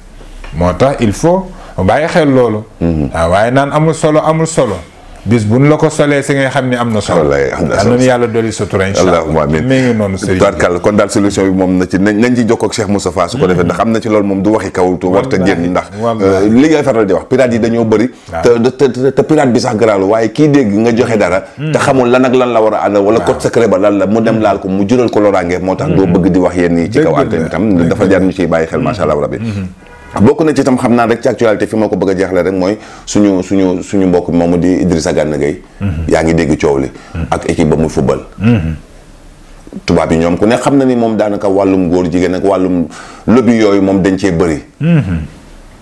moo tax il faut bàyyi xel loolu waaw mhm. ah, waaye naan amul solo amul solo bis buñ la ko solee si nga xam ne am na solo. wallaay am na solo yal na yàlla dolli sutura incha allah allahumma amiin mi ngi noonu sëriñ bi kon daal solution bi moom na ci nañ nañ ci jokkoo ak Cheikh Moustapha su ko defee ndax am na ci loolu moom du waxi kaw tu warta génn ndax euh, li ngay faral di wax pirate yi dañoo bëri te te pirate bi sax garaalu waaye kii dégg nga joxe hmm. dara hmm. te xamul lan ak lan la war a àndal wala code secret ba lan la mu dem hmm. laal ko mu jural ko loraange moo tax doo bëgg di wax yenn yi ci kaw antenne bi tam dafa jar ñu ciy bàyyi xel macha allah rabbi bokk na ci itam xam naa rek ci actualité fi ma ko bëgg a jeexle rek mooy suñu suñu suñu mbokk moomu di Idrissa Gana Gueye mm-hmm. yaa ngi dégg coow li mm-hmm. ak équipe ba muy football mm-hmm. tubaab yi ñoom ku ne xam na ni moom daanaka wàllum góor jigéen ak wàllum lobby yooyu moom dañ cee bëri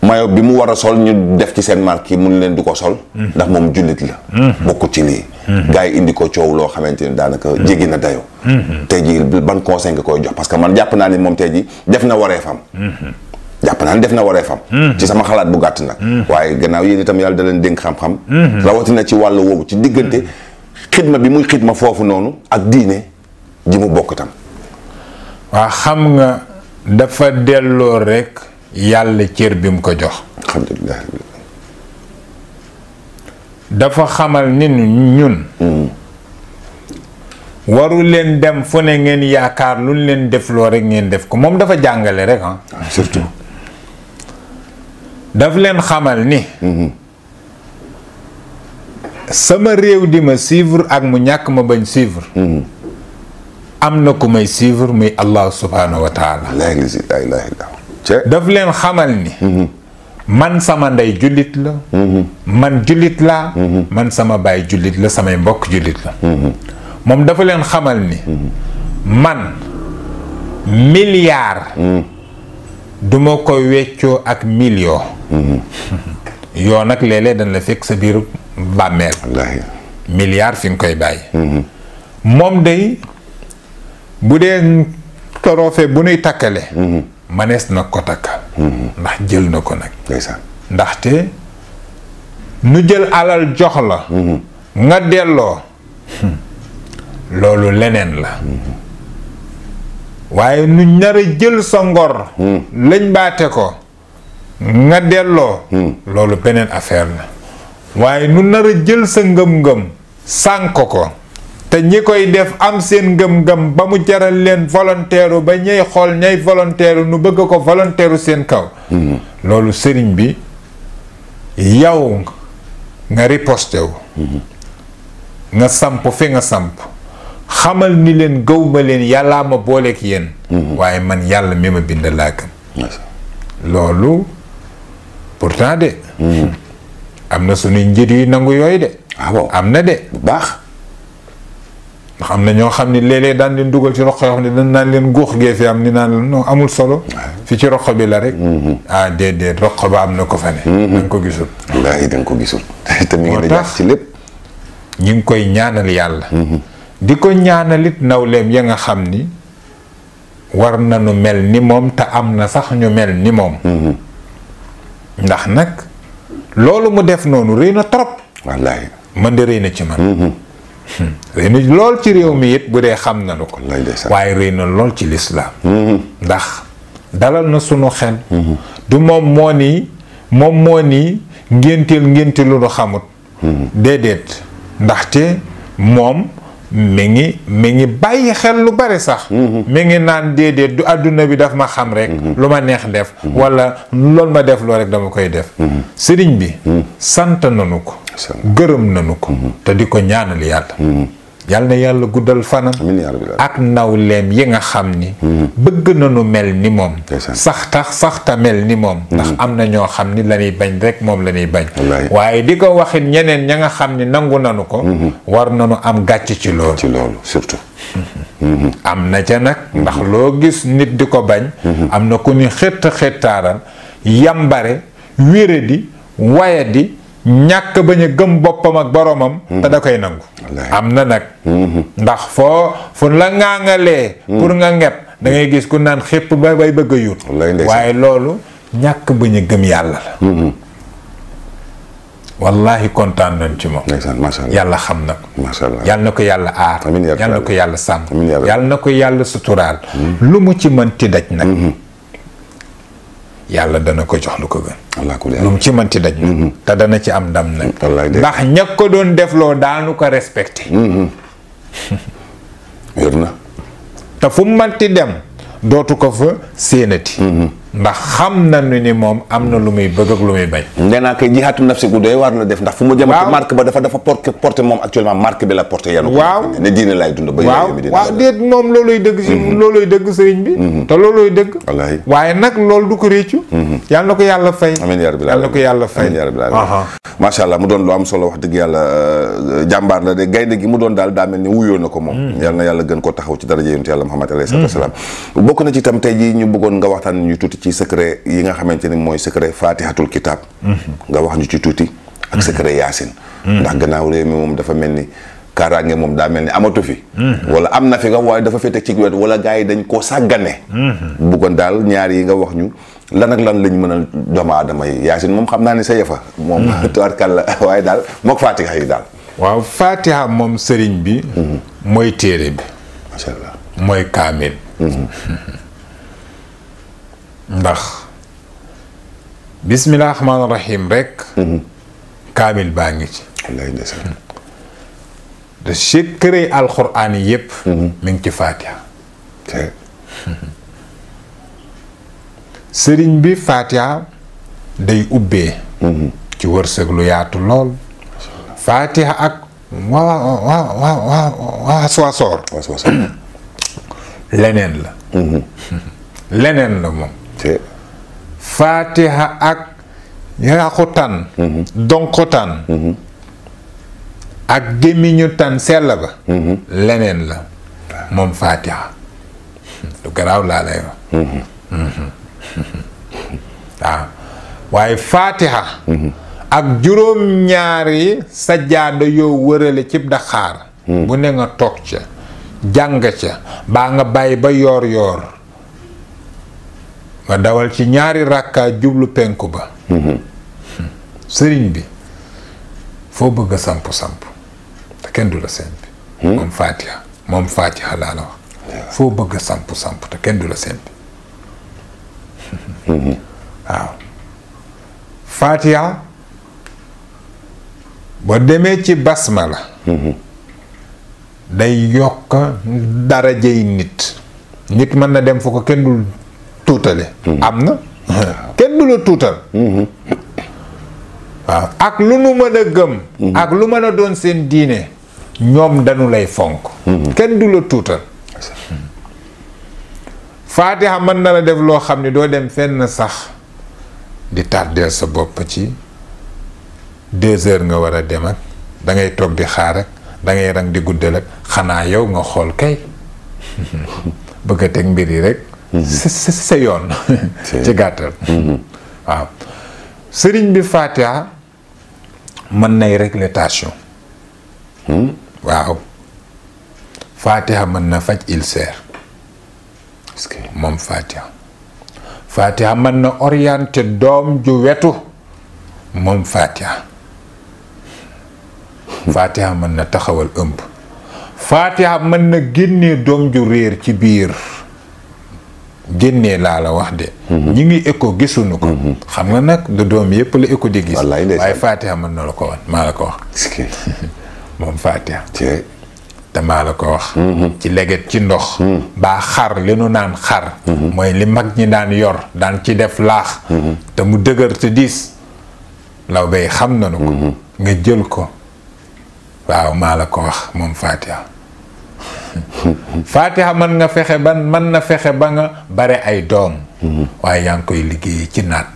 mayo bi mu war a sol ñu def ci seen marque yi mun leen di ko sol ndax moom jullit la bokk ci lii gars yi indi ko coow loo xamante ni daanaka jéggi na dayo tey ji ban conseil nga koy jox parce que man jàpp naa ni moom tey ji def na waree fam jàpp naa def na wareefam mhm. ci sama xalaat bu gàtt nag mhm. waaye gannaaw yéen itam yàlla da leen xam-xam mhm. rawatina ci wàllu woowu ci diggante xidma bi muy xidma foofu noonu ak diine ji mu bokk tam waa xam nga dafa delloo rekk yàlla cër bi mu ko jox dafa xamal ni ñun waru leen dem fu ne ngeen yaakaar lu leen defloo loo rekk ngeen def ko moom dafa jàngale rekk ah surtout daf leen xamal ni mhm. sama réew di ma suivre ak mu ñàkk ma bañ suivre mhm. am na ku may suivre muy allah subhanahu wa taala daf leen xamal ni mhm. man sama ndey jullit la man jullit laa man sama baay jullit la samay mbokk jullit la moom dafa leen xamal ni man milliard duma ko weccoo ak million mhm. yoo nag léeg-léeg dañ la fekk sa biir bàmmeel milliard fi nga koy bàyyi mhm. moom day bu dee trophée bu nuy takkale mënees mhm. na ko takkal ndax jël na ko nag ndaxte nu jël alal jox la nga delloo loolu leneen la waaye nu nar jël sa ngor hmm. lañ ko nga delloo hmm. loolu beneen affaire la waaye nu nar jël sa ngëm-ngëm sànk ko te ñi koy def am seen ngëm-ngëm ba mu jaral leen volontaire ba ñay xool ñay volontaire nu bëgg ko volontaire seen kaw hmm. loolu sëriñ bi yow nga riposté nga samp fi nga samp xamal ni leen gaw ma leen yàllaa ma booleek yéen mhm. waaye man yàlla mi ma bind laa gëm loolu pourtant de mhm. am na suñuy njiit yu nangu yooyu de ah am na de bu baax ndax am na ñoo xam ne léeg daan leen dugal ci roq yoo xam ne dañ naan leen guux gee fi am ni naan la amul solo fi ci roq bi la rek mhm. ah déedéet roq ba am na ko fa ne da nga ko gisul wallaahi da ko gisul te mi ngi ci lépp ñi ngi koy ñaanal yàlla di ko ñaanalit nawleem ya nga xam ni war na nu mel ni moom te am na sax ñu mel ni moom mm-hmm. ndax nag loolu mu def noonu rëy na trop wallaay man de rëy na ci man mm-hmm. hmm. rëy na lool ci réew mi it bu dee xam na ko waaye rëy na lool ci lislaam mm-hmm. ndax dalal na sunu xel du moom moo nii moom moo nii ngénteel ngénte nu xamut déedéet ndaxte moom mi ngi mi ngi bàyyi xel lu bari sax mm-hmm. mi ngi naan déedéet du àdduna bi daf ma xam rek mm-hmm. lu ma neex def mm-hmm. walla loolu ma def loo rek dama koy def sëriñ bi sant nanu ko gërëm nanu ko te di ko ñaanal yàlla yàlla yàlla guddal fanam ak nawleem yi nga xam ni mhm. bëgg nañu mel ni moom sax tax sax ta mel ni moom mhm. ndax am na ñoo xam ni la bañ rek moom la ñuy bañ waaye di ko waxit ñeneen ña nga xam ni nangu nañu ko mhm. war nañu am gàcc ci loolu ci loolu surtout am na ca nag ndax loo gis nit di ko bañ am na ku ni xëtt xëttaaral yambare wéradi wayadi ñàkk bañ gëm boppam ak boromam. te hmm. da koy nangu. am na nag. Hmm. ndax foo fu la ŋaangalee. Hmm. pour nga ngepp da gis ku naan xépp ba bay bëgg a yut. waaye loolu ñàkk bañ gëm yàlla la. wallahi kontaan nañ ci moom. yàlla xam na ko. macha yàlla na ko yàlla aar. yàlla ko yàlla sàmm. yàlla na ko yàlla suturaal. lu mu ci mën ti daj nag. yàlla dana ko jox lu ko gën lu mu ci manti daj mm-hmm. te dana ci am ndam nag ndax ña ko doon defloo daanu ko respecté mm-hmm. te fum mu manti dem dootu ko fa séenati mm-hmm. ndax xam nañu ni moom am na lu muy bëgg ak lu muy bañ. nee naa koy jihaatu nafsi gu doy war na def ndax fu mu jëmati marque ba dafa dafa porte porte moom actuellement marque bi la porte yanu waaw ne diine laay dund ba waaw déet moom looluy mhm. mhm. te looluy dëgg wallaahi waaye nag loolu du ko réccu mhm. yàlla na ko yàlla fay amiin yaa rabbi yàlla na ko yàlla fay amiin yaa rabbi allah mu doon lu am solo wax dëgg yàlla euh, jàmbaar la de gaynde gi mu doon daal daa mel ni wuyoo na ko moom yàlla na yàlla gën ko taxaw ci daraja yonent yàlla Muhammad alayhi salaatu wa salaam bokk na ci itam tey ji ñu bëggoon nga waxtaan ñu tuuti ci secret yi nga xamante ni mooy secret fatihatul kitab mhm. nga wax ñu ci tuuti ak mhm. secret yaasin mhm. ndax gannaaw réew mi moom dafa mel ni kaaraange moom daa mel ni amatu fi wala am na fi nga waaye dafa féete ci wet wala gars yi dañ koo sàggane bëggoon daal ñaar yi nga wax ñu lan a doomu aadama yi yaasin moom xam sa yëfa moom tubaarkal la waaye daal mook fatiha yi daal waaw fatiha moom sëriñ bi mooy téere bi macha allah mooy kaamil ndax bismillah rahmaani rahim rek. Mhm. kaamil baa ngi ci. wallaahi ndeysaan. te secret alxuraan yi yëpp. Mhm. ngi ci Fatiha. sëriñ bi Fatiha day ubbee. Mhm. ci wërsëg lu yaatu lool. Fatiha ak waa waa waa waa waa Soissor. leneen la. leneen la moom. faatiha ak yaxutaan mm-hmm. donkotaan mm-hmm. ak gémmiñu tan sell ba mm-hmm. leneen la moom faatiha lu garaaw laa lay wax ah. waaye faatiha ak juróom ñaari sa sajjaada yoo wërale cib daxaar bu ne nga toog ca jàng ca baa nga bàyyi ba yoor yoor nga dawal ci ñaari ràkkaa jublu penku ba mhm. sëriñ bi foo bëgg a samp samp te kenn du la sempi hmm? moom faatiha moom faatiha laa la wax foo bëgg a samp samp te kenn du la sempi mhm. waaw faatiha boo demee ci basmala mhm. day yokk darajey nit nit mën na dem fu ko kenn dul tuutale am na kenn du la tuutal waaw mm-hmm. ah, ak lu nu mën a gëm mm-hmm. ak lu mën a doon seen diine ñoom dañu lay fonk mm-hmm. kenn du la tuutal faatiha mën na la def loo xam ne doo dem fenn sax di tardeel sa bopp ci deux heures nga war a dem ak da toog di xaar dangay da rang di guddal xanaa yow nga xool kay bëgg teg mbir yi rek sa yoon ci gàttal mm-hmm. waaw sëriñ bi Fatiha mën nay régler hmm? waaw Fatiha mën na faj ulcère moom Fatiha Fatiha mën na orienté doom ju wetu moom Fatiha Fatiha mën na taxawal ëmb Fatiha mën na génnee doom ju réer ci biir génnee laa la wax de mhm. ñi ngi écho gisuñu ko mhm. xam nga nag du doom yëpp la écho di gis waaye Fatiha mën na la ko wan ko wax moom Fatiha te maa la ko wax mhm. ci leget ci ndox baa xar li nu naan xar mooy li mag ñi daan yor daan ci def laax te mu dëgër te diis law bay xam nanu ko nga jël ko waaw maa la ko wax moom Fatiha faatiha man nga fexe ba man na fexe ba nga bare ay doom mhm. waaye yaa ngi koy liggéey ci naat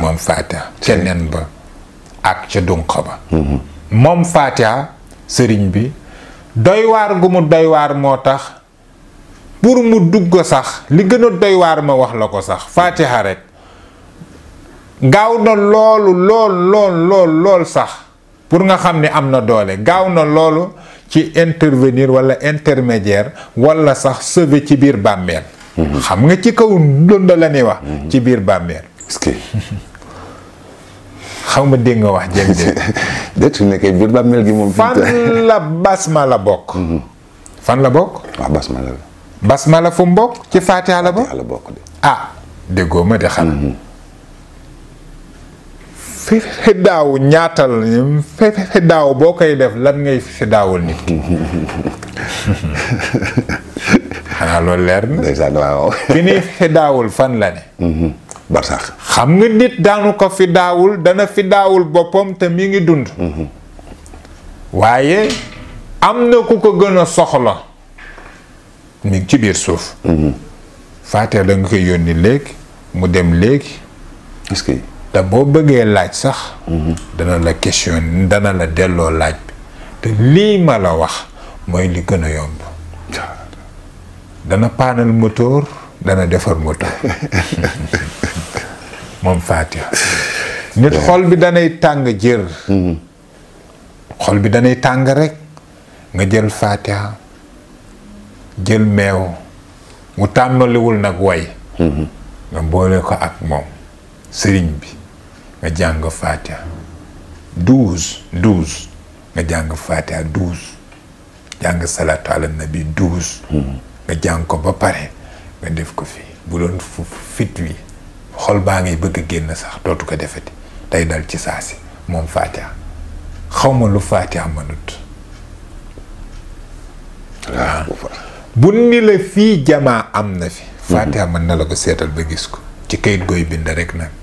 moom faatiha ca nen ba ak ca dunq ba mhm. moom faatiha sëriñ bi doywaar waar gu mu doy moo tax pour mu dugg sax li gën a doy ma wax la ko sax faatiha rek gaaw na loolu lool lool lool lool sax pour nga xam ni am na doole gaaw na loolu ci intervenir wala intermédiaire wala sax sauver ci biir bàmmeel mhm. xam nga ci kaw dund la wax mhm. ci biir bàmmeel xaw ma dégg nga wax jël jël déet ne kay biir fan la basma la bokk mhm. fan la bokk waaw basma la basma bokk ci faatiha la bokk ah déggoo ma de xanaa fi fi ñaatal fi boo koy def lan ngay fi daawul nit ki ni fi fan la ne. Mhm. barsax xam nga nit daanu ko fi daawul dana fi boppam te mi ngi dund. Mhm. waaye am na ku ko gën a soxla. mi ci biir suuf. Mhm. faatee da koy yónni léegi mu dem léegi. est te boo bëggee laaj sax mhm. dana la question dana la delloo laaj bi te lii ma la wax mooy li gën a yomb dana paanal moteur dana defar moteur moom Fatiha nit xol bi danay tàng jër mhm. xol bi danay tàng rek nga jël Fatiha jël meew mu tàmmaliwul nag way mhm. nga boole ko ak moom sëriñ bi nga jàng fatiha douze douze nga jàng fatiha douze jàng salatu na bi douze hmm. nga jàng ko ba pare nga def ko fii bu doon fit wi xol baa ngi bëgg a génn sax tootu ko defeti tey dal ci saa si moom fatiha xaw ma lu fatiha mënut waaw ah. bu ni la fii jamaa am na fi hmm. fatiha mën na la ko seetal ba gis ko ci kayit gooy bind rek nag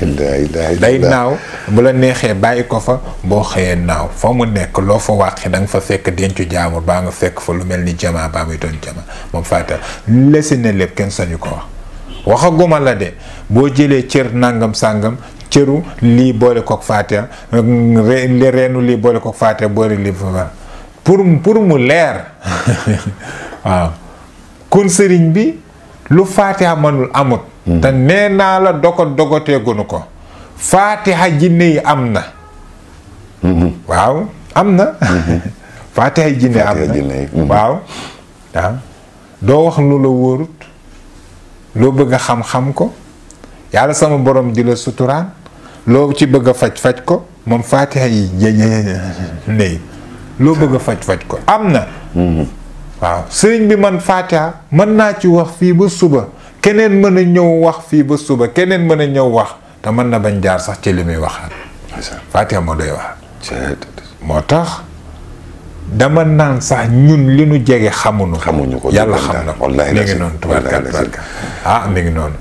day naaw bu la neexee bàyyi ko fa boo xëyee naaw fa mu nekk loo fa wàqi da nga fa fekk dencu jaamur baa nga fekk fa lu mel ni jama baa muy doon jama moom fàttal lesi ne lépp kenn sañu ko wax waxaguma la de boo jëlee cër nangam sàngam cëru lii boole kook faatiha reenu lii boole kook faatiha boole lii pour pour mu leer waaw kon sëriñ bi lu faatiha manul amut Mm-hmm. te nee naa la dogot dogotee gunu ko faatiha jinne yi am na mm-hmm. waaw am na mm-hmm. faatiha jinne am na waaw doo wax lu la wóorut loo bëgg a xam-xam ko yàlla sama borom di la suturaan loo ci bëgg faj-faj ko moom faatiha yi néy loo bëgg faj-faj ko am na waaw sëriñ bi man faatiha mën naa ci wax fii ba suba keneen mën a ñëw wax fii ba suba keneen mën a ñëw wax te mën na bañ jaar sax ci li muy waxaat Fatiha moo doy waxaat moo tax dama naan sax ñun li nu jege xamuñu xamuñu ko yàlla xam na ko mi ngi noonu tubaarkal tubaarkal ah mi ngi noonu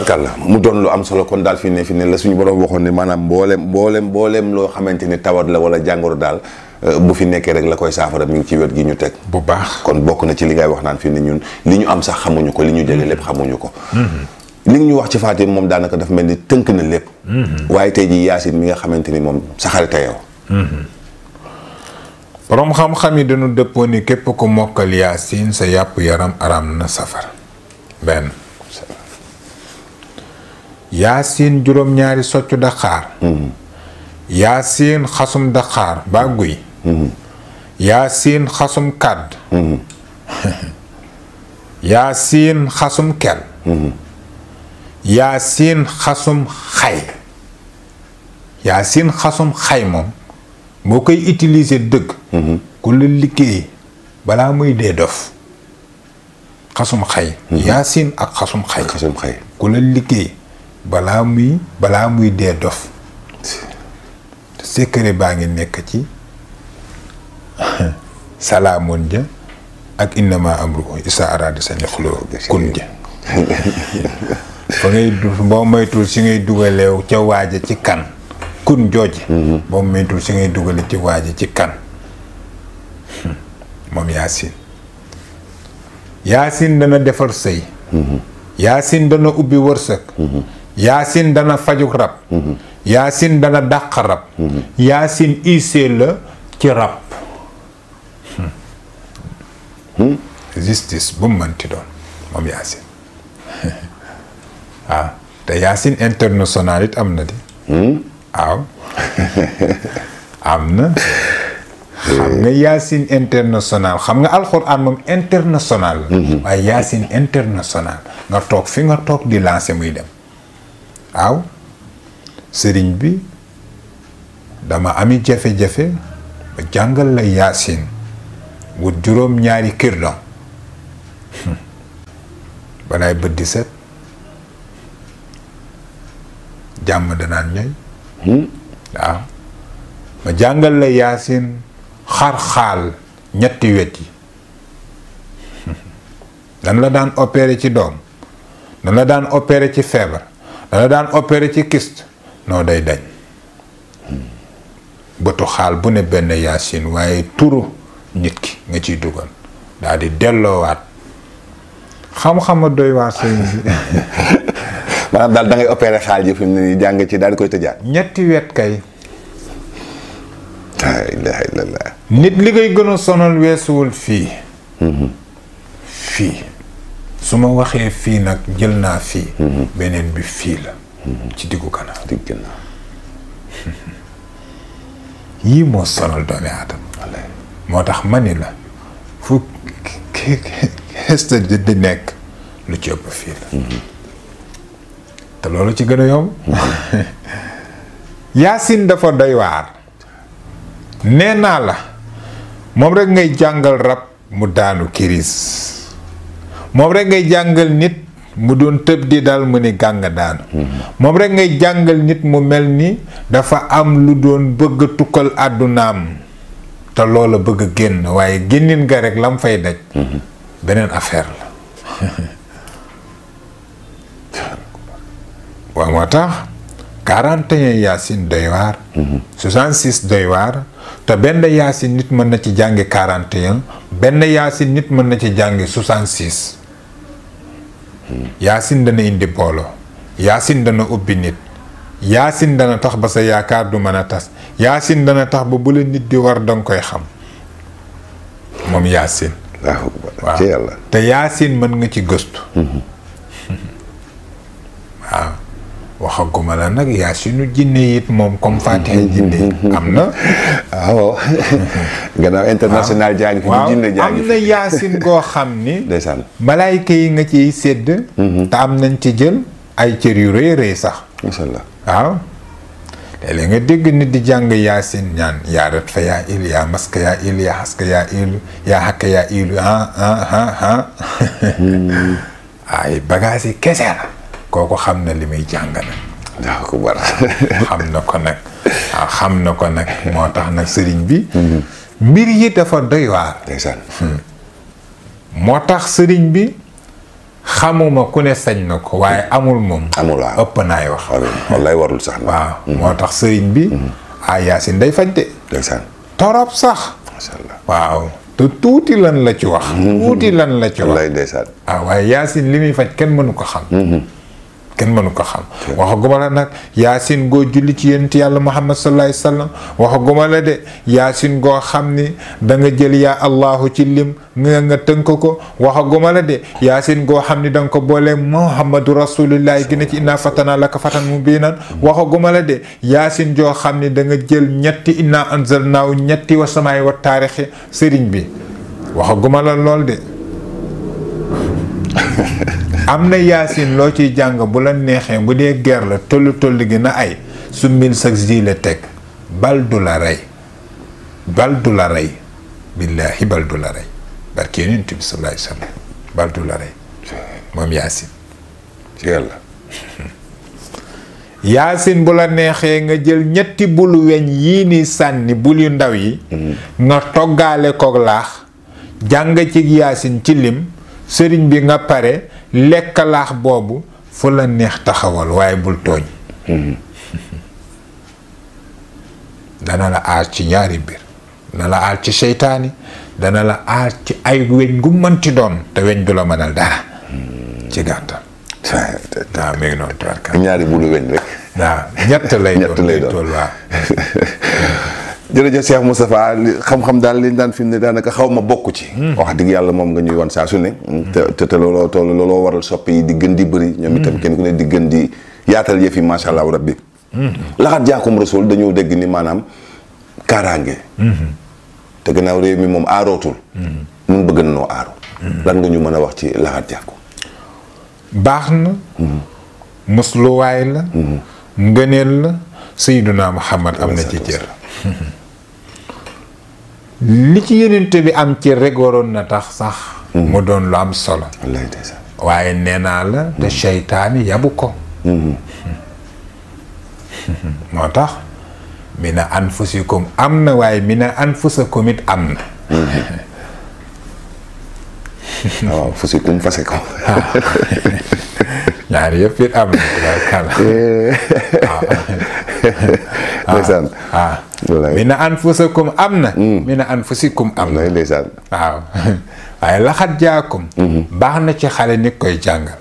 tubaarkal la mu doon lu am solo kon daal fi ne fi ne la suñu borom waxoon ne maanaam mboolem mboolem mboolem loo xamante ni tawat la wala jàngoro daal euh, bu fi nekkee rek la koy saafara mu ngi ci wet gi ñu teg. bu baax kon bokk na ci li ngay wax naan fi ne ñun li ñu am sax xamuñu ko li ñu jege lépp xamuñu ko. Mm-hmm. li ñu wax ci Fatim moom daanaka daf mel ni tënk na lépp. Mm-hmm. waaye tey jii Yaasin mi nga xamante ni moom saxarite yow. Mm-hmm. borom xam-xam yi dañu dëppoo ni képp ku mokkal Yaasin sa yàpp yaram aram na safar yaasiin juróom-ñaari soccu daxaar mm-hmm. yaasiin xasum daxaar baa guy mm-hmm. yaasiin xasum kàdd mm-hmm. yaasiin xasum kel yaasiin xasum xay xasum xay moom boo koy utiliser dëgg ku la liggéey balaa muy dee dof xasum xay yaasiin ak xasum xay ku la liggéey balaa muy balaa muy dee dof secret baa ngi nekk ci salaamoon ja ak innama amruhu isa arada sa nexloo kun ja fa ngay boo moytul si ngay dugaleew ca waaja ci kan kun jooje mm-hmm. boo moytul si ngay dugale ci waaja ci kan moom yaasin yaasin dana defar sëy mm-hmm. yaasin dana ubbi wërsëg mm-hmm. yaasin dana fajuk rab mhm. yaasin dana dàq rab mhm. yaasin issee la ci rab hmm. Hmm. justice bu mu mënti doon moom yaasin waaw ah, te yaasin international it am na di hmm. waaw am na xam nga yaasin international xam nga alxuraan moom international la mhm. waaye yaasin international nga toog fi nga toog di lancé muy dem waaw sëriñ bi dama ami jafe-jafe ba jàngal la yaasin wut juróom ñaari kirdon balaay bët di set jàmm danaan ñooy hmm? waaw ma jàngal la yaasin xar-xaal ñetti wet yi dan la daan opéré ci doom dan daan opéré ci feebar dala daan opéré ci kyste noo day dañ bëtu xaal bu ne benn yaasin waaye turu nit ki nga ciy dugal daal di delloowaat xam-xama doy waa sëñ bi maanaam daal da ngay opéré xaal ji fi ne nii jàng ci daal di koy tëjaat ñetti wet kay laa ilaha illallah nit li ngay gën sonal weesuwul fii mm-hmm. fii su ma waxee fii nag jël naa fii. Mhm. beneen bi fii la. Mhm. ci diggu kanam. yii moo sonal doomi aadama. moo tax ma ni la fu geste di nekk lu ci ëpp fii la. Mhm. te loolu ci gën a yomb. yaasin dafa doy waar. nee naa la moom rekk ngay jàngal rab mu daanu kiris. moom rek ngay jàngal nit mu doon tëb di daal mu ni gàng daanu hmm. moom rekk ngay jàngal nit mu mel ni dafa am lu doon bëgg tukkal àddunaam te loola bëgg a génn waaye génnin nga rek lam fay daj hmm. beneen affaire la waaw moo tax 41 yaasin doy waar 66 hmm. doy te benn yaasin nit mën na ci jàngi 41 benn yaasin nit mën na ci jàngi 66 yaasin dana indi booloo yaasin dana ubbi nit yaasin dana tax ba sa yaakaar du mën a tas yaasin dana tax ba bu la nit di war danga koy xam moom yaasin waaw te yaasin mën nga ci gëstu mm-hmm. waxaguma la nag yaa suñu jinne it moom comme Fatiha jinne mm-hmm. am na ah, waaw am na yaasin goo xam ni malaayka yi nga ciy sédd mm-hmm. te am nañ ci jël ay cër yu rëy rëy sax waaw léeg nga dégg nit di jàng yaasin ñaan yaa rat fa yaa il yaa maska yaa il yaa xaska yaa il yaa xakka yaa il ah ah ah, ah. Mm-hmm. kooku xam na li muy jàng nag waaw ku ko nag waaw ah, xam na ko nag moo tax nag sëriñ bi mhm. mbir yi dafa doy waar ndeysaan hmm. moo tax sëriñ bi xamuma ku ne sañ na ko waaye amul moom amul waaw ëpp naay warul sax mhm. moo tax sëriñ bi ah yaasin day fajte ndeysaan torop sax masha Allah waaw te tuuti lan la ci wax tuuti lan la ci wax wallaay ah, waaye yaasin li muy faj kenn mënu ko xam kenn mënu ko xam waxaguma la nag yaasin goo julli ci yonent yàlla muhammad sallallahu alayhi wa a waxaguma la de yaasin goo xam ni danga nga jël yaa allahu ci lim nga nga tënk ko waxaguma la de yaasin goo xam ni da nga ko boolee muhammadu rasulillahi gina ci inna fatana laka fatan mubinan waxaguma la de yaasin joo xam ni danga jël ñetti inna anzalnaaw ñetti wasamaay wa taarixi sëriñ bi waxaguma la lool de am na yaasin loo ciy jàng bu la neexee bu dee guerre la tollu tollu gi na ay summil sa gilet teg baldu du la rey bal du la rey billaahi bal la rey barke yonent bi sallallaahu alayhi wa sallam bal la rey moom yaasin yaasin bu la neexee nga jël ñetti bulu weñ yi ni sànni bul yu ndaw yi mm-hmm. nga toggaale koog laax jàng ci yaasin ci lim sëriñ bi nga pare lekkalaax boobu fu la neex taxawal waaye bul tooñ mm-hmm. dana la aar ci ñaari mbir dana la aar ci seytaani dana la aar ci ay weñ gu mënti doon te weñ du la mënal dara mm-hmm. ci gàttal waaw mi ngi noonu tubarkalla ñaari bulu weñ rek waaw ñett lay doon jërëjëf Cheikh Moustapha xam-xam daal liñ daan fi ne daanaka xaw ma bokk ci. Hmm. wax dëgg yàlla moom nga ñuy woon saa su ne. te te looloo waral soppi yi di gën di bëri. ñoom itam hmm. kenn ku ne di gën di yaatal yëf fi macha allah rabbi. Hmm. laxat jaakum rasul dañoo dégg maanaam kaaraange. te gannaaw réew mi moom aarootul. nun bëgg na noo aaru. lan nga ñu mën a wax ci laxat jaakum. baax na. waaye la. ngëneel la. Sayyiduna Muhammad am na ci cër. li ci yenente bi am ci regoroon na tax sax mu mm-hmm. doon lu am solo waaye nee naa la te mm-hmm. seytaane yabu ko mm-hmm. moo tax mi na anfusikum am na waaye mi na anfusakum it am na waaw fusikum fase ko ñaari yëpp it am ndeysaan ah, ah. na anfusakum am na mm. laxat jaakum mm-hmm. baax na ci xale nit koy jàngal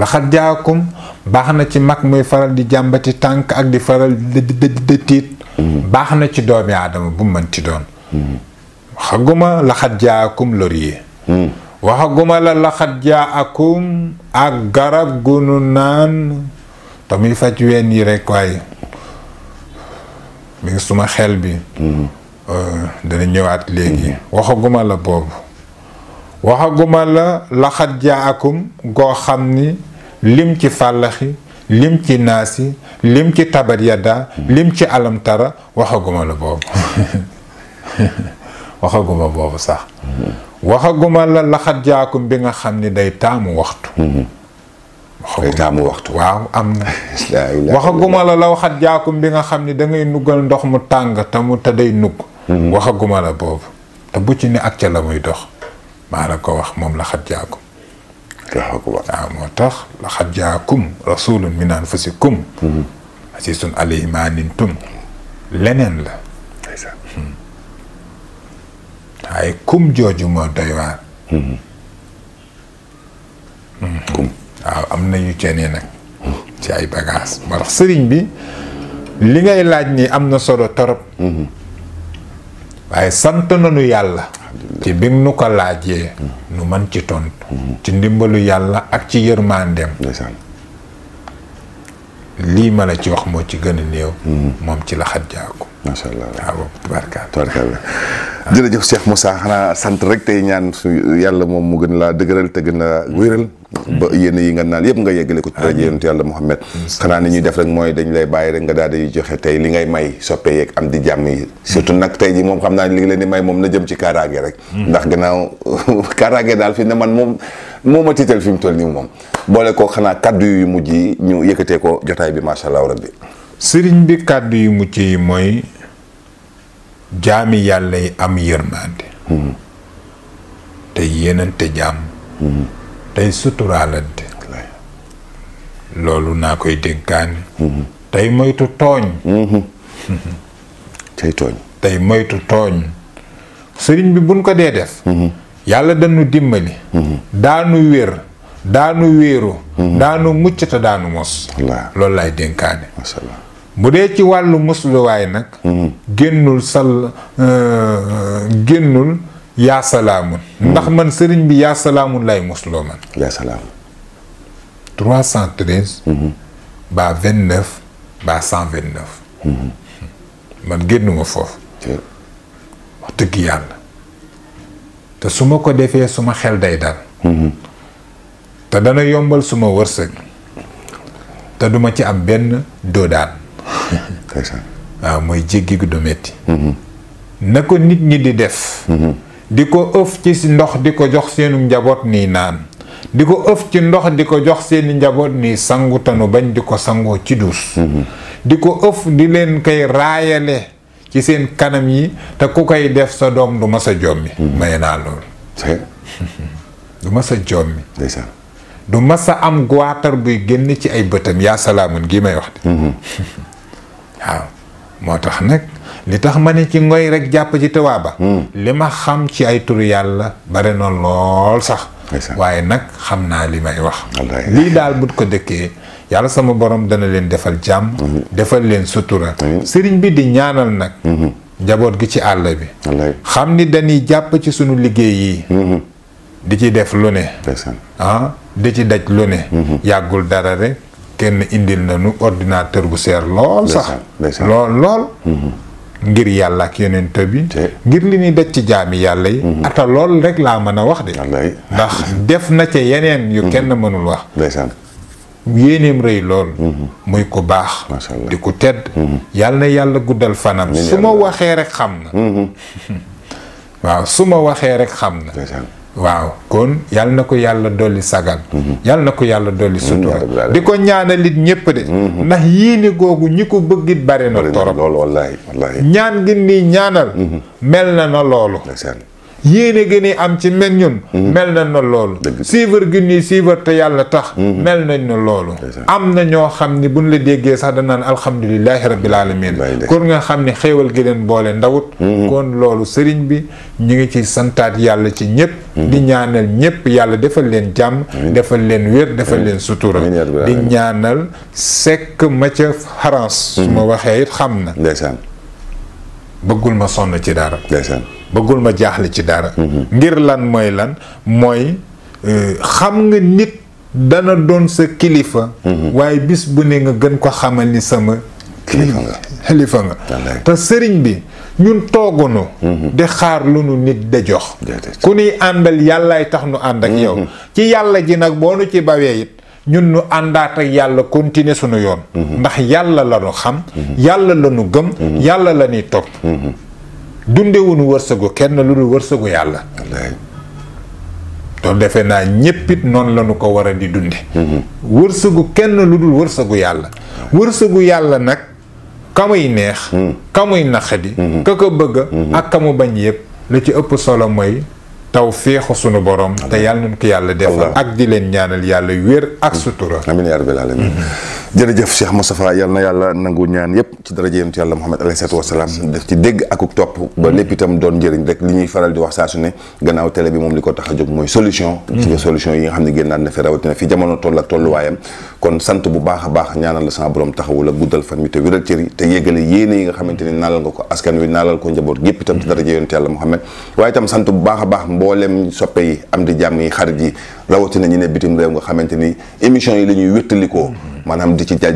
laxat jaakum baax na ci mag muy faral di jàmbati tànk ak di faral di tiit mm-hmm. baax na ci doomi aadama bu mën ci doon mm-hmm. xaguma laxat jaakum laurier mm. waxaguma la laxat jaa akum ak garab gunu naan te muy faj ween yi rek waaye mi ngi suma xel bi mm-hmm. euh, dana ñëwaat léegi mm-hmm. waxaguma la boobu waxaguma la laxat jaa akum goo xam ni lim ci fàllaxi lim ci naasi lim ci tabat yadda mm-hmm. lim ci alamtara waxaguma la boobu waxaguma boobu sax waxaguma la laxat jaakum bi nga xam ni day taamu waxtu mhm. day taamu waxtu waaw am na waxaguma la la waxat jaakum bi nga xam ni dangay ngay nuggal ndox mu tàng te mu te day nugg mhm. waxaguma la boobu te bu ci ne ak ca la muy dox maa la ko wax moom laxat jaakum waaw moo tax laxat jaakum rasulun min anfusikum mhm. asisun alayhi ma nintum leneen la waaye kum jooju moo doy waar. Hmm. Hmm. am na yu cene nag. ci ay bagaas moo tax sëriñ bi li ngay laaj ni am na solo torop. Hmm. waaye sant nañu yàlla. ci bi nu ko laajee. nu man ci tontu. ci ndimbalu yàlla ak ci yërmaandeem. lii ma la ci wax moo ci gën a néew. moom ci la xat jaaku macha allah waaw ah, tubaarkaal tubaarkaal ah. jërëjëf xanaa sant rek tey ñaan su yàlla moom mu gën laa dëgëral te gën laa wéral ba yéen yi nga naan yëpp nga yeggale ko ci rajo yonent yàlla Muhammad xanaa ni ñuy def rek mooy dañ lay bàyyi rek nga daal di joxe tey li ngay may soppee yeeg am di jàmm surtout nag tey ji moom xam naa li ngi leen di may moom na jëm ci kaaraange rek hmm. ndax gannaaw kaaraange daal fii ne man moom moo ma tiital fi mu toll nii moom boole ko xanaa kàddu yu mujj yi ñu yëkkatee ko jotaay bi macha allah rabbi sëriñ bi kàddu yu mucc yi mooy jaami yàlla yi am yërmande hmm. tey yéenante jàmm tey suturaalante loolu naa koy dénkaane hmm. tey moytu hmm. tooñ tey moytu tooñ sëriñ bi buñ ko dee def yàlla dañu dimbali daanu wér daanu wéeru daanu mucc te daanu mos loolu laay dénkaane bu dee ci wàllu musluwaay nag hmm. génnul sal euh, génnul yaa salaamun hmm. ndax man sëriñ bi yaa salaamun laay musloo man yaa salaamun 313 hmm. ba 29 ba 129 man génnuma foofu wax dëgg yàlla te su ma ko defee suma xel day dal te dana yombal suma wërsëg te duma ci am benn doodaan waaw mooy jéggi gu du metti mm-hmm. na ko nit ñi di def mm-hmm. di ko ëf ci ndox di ko jox seenu njaboot nii naan di ko ëf ci ndox di ko jox seeni njaboot nii sangu tanu bañ di ko sangoo ci duus mm-hmm. di ko ëf di leen koy raayale ci seen kanam yi te ku koy def sa doom du mas a jommi may naa loolu du mas a jommi du mas a am guwaatar buy génn ci ay bëtam yaa salaamun gi may wax de waaw moo tax nag li tax ma ne ci ngoy rek jàpp ci tawaaba hmm. li ma xam ci ay turu yàlla bare na lool sax waaye nag xam naa li may wax lii daal bu ko dëkkee yàlla sama borom dana leen defal jàmm hmm. defal leen sutura sëriñ bi di ñaanal nag hmm. jaboot gi ci àll bi xam ni dañuy jàpp ci sunu liggéey yi di ci def lu ne ah, di ci daj lu ne yàggul dara rek kenn indil nañu ordinateur bu seer lool sax lool lool mhm. ngir yàlla ak yonent bi ngir li ñuy daj ci jaami yàlla yi mhm. ata lool rek laa mën a wax de ndax def na ca yeneen yu mhm. kenn mënul wax yéeneem rëy lool muy ko baax di ku tedd yàlla na yàlla guddal fanam su ma waxee rek xam na waaw su ma waxee rek xam na waaw kon yàlla na ko yàlla dolli sagal mhm. yàlla na ko yàlla dolli mhm, sutura di ko ñaanalit ñépp de mhm. ndax yii yéene googu ñi ko bëggit bare na torop ñaan gi nii ñaanal mel na na loolu yéene gën a am ci men ñun mhm. mel nañ na loolu suivre gi ñuy suivre te yàlla tax mhm. mel nañ na loolu am na ñoo xam ni buñ la déggee sax danaan alhamdulilahi rabbil alamin kon nga xam ni xéewal gi leen boole ndawut mhm. kon loolu sëriñ bi ñu ngi ci santaat yàlla ci ñëpp di ñaanal ñëpp yàlla defal leen jàmm defal leen wér defal leen sutura di ñaanal sekk ma ca France su ma waxee it xam na bëggul ma sonn ci dara bëggul ma jaaxle ci dara. Mhm. ngir lan mooy lan mooy euh, xam nga nit dana doon sa kilifa. Mhm. waaye bis bu ne nga gën ko xamal ni sama. kilifa nga te sëriñ bi ñun toogunu mhm. di xaar lu nu nit de jox. ku nuy àndal yàllaay tax nu ànd ak yow. ci yàlla ji nag boo nu ci bawee it. ñun nu àndaat ak yàlla continuer sunu yoon. ndax yàlla la xam. yàlla la nu gëm. yàlla la topp. dundewuñu wërsëgu kenn lu dul wërsëgu yàlla te defe naa ñéppit noonu lanu ko war a di dunde mm-hmm. wërsëgu kenn lu dul wërsëgu yàlla wërsëgu yàlla nag kamuy neex mm. kamuy naqadi mm-hmm. ka ko bëgg mm-hmm. ak kamu bañ yépp la ci ëpp solo mooy taw féexu sunu borom te yàlla nañ ko yàlla defal ak di leen ñaanal yàlla wér ak sutura amiin yaa rabbal alamin jërëjëf Cheikh Moustapha yal na yàlla nangu ñaan yépp ci daraja yonent yàlla Muhammad alayhi salaatu wasalaam def ci dégg akuk topp ba lépp itam doon njëriñ rek li ñuy faral di wax saa su ne gannaaw télé bi moom li ko tax a jóg mooy solution solution yi nga xam ne génnaat na fi rawatina fi jamono toll ak tolluwaayam kon sant bu baax a baax ñaanal la sama borom taxawu la guddal fan mi te wéral cër yi te yéggale yéene yi nga xamante ni naalal nga ko askan wi naalal ko njaboot gépp itam ci daraja yonent yàlla Muhammad waaye itam sant bu baax a baax mboolem yi am di jàmm yi xarit yi rawatina ñu ne bitim réew xamante ni émission yi la ñuy wéttalikoo maanaam di ci jaaj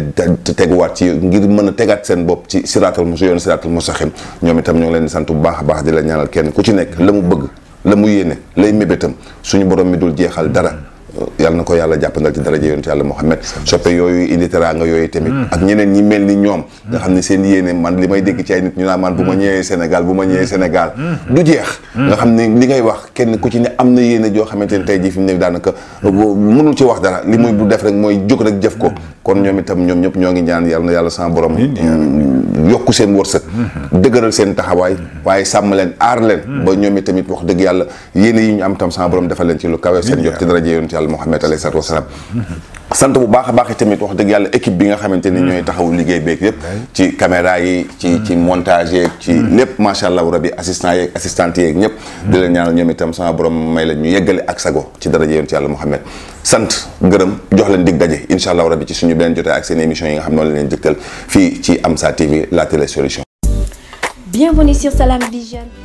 teguwaat ci ngir mën a tegaat seen bopp ci siraatal musa yoon siraatal mustaqiim ñoom itam ñoo ngi leen di sant bu baax a baax di la ñaanal kenn ku ci nekk la mu bëgg la mu yéene lay mébétam suñu borom mi dul jeexal dara yàlla na ko yàlla jàppandal ci daraja yonent yàlla Muhammad soppe yooyu indi teraanga yooyu tamit mm. ak ñeneen ñi mel ni ñoom mm. nga xam ne seen yéene man li may dégg ci ay nit ñu naan man bu ma mm. ñëwee Sénégal bu ma ñëwee Sénégal du jeex nga xam ne li ngay wax kenn ku ci ne am na yéene joo xamante ne tey jii fi mu ne daanaka mënul ci wax dara li muy bu def rek mooy jóg rek jëf ko kon ñoom itam ñoom ñëpp ñoo ngi ñaan yàlla na borom yokku seen wërsëg. Mhm. dëgëral seen taxawaay mhm. waaye sàmm leen aar leen mhm. ba ñoom tamit wax dëgg yàlla yéen yi ñu am tam sama borom defal leen ci lu kawe seen jot ci daraje yonent yàlla Muhammad alayhi salaatu wasalaam sant bu baax a baax tamit wax dëgg yàlla équipe bi nga xamante ni mm. ñooy taxaw liggéey beeg yépp ci caméra yi ci mm. ci montage yeeg ci mm. lépp macha allah rabi assistant yeeg assistante yeeg ñëpp di leen ñaanal ñoom itam sama borom may la ñu yeggale ak sago ci daraje yoon ci yàlla Muhammad sant gërëm jox leen dig daje incha allah rabi ci suñu beneen jotee ak seen émission yi nga xam noonu la leen jëkkal fii ci Amsa TV la télé solution bienvenue sur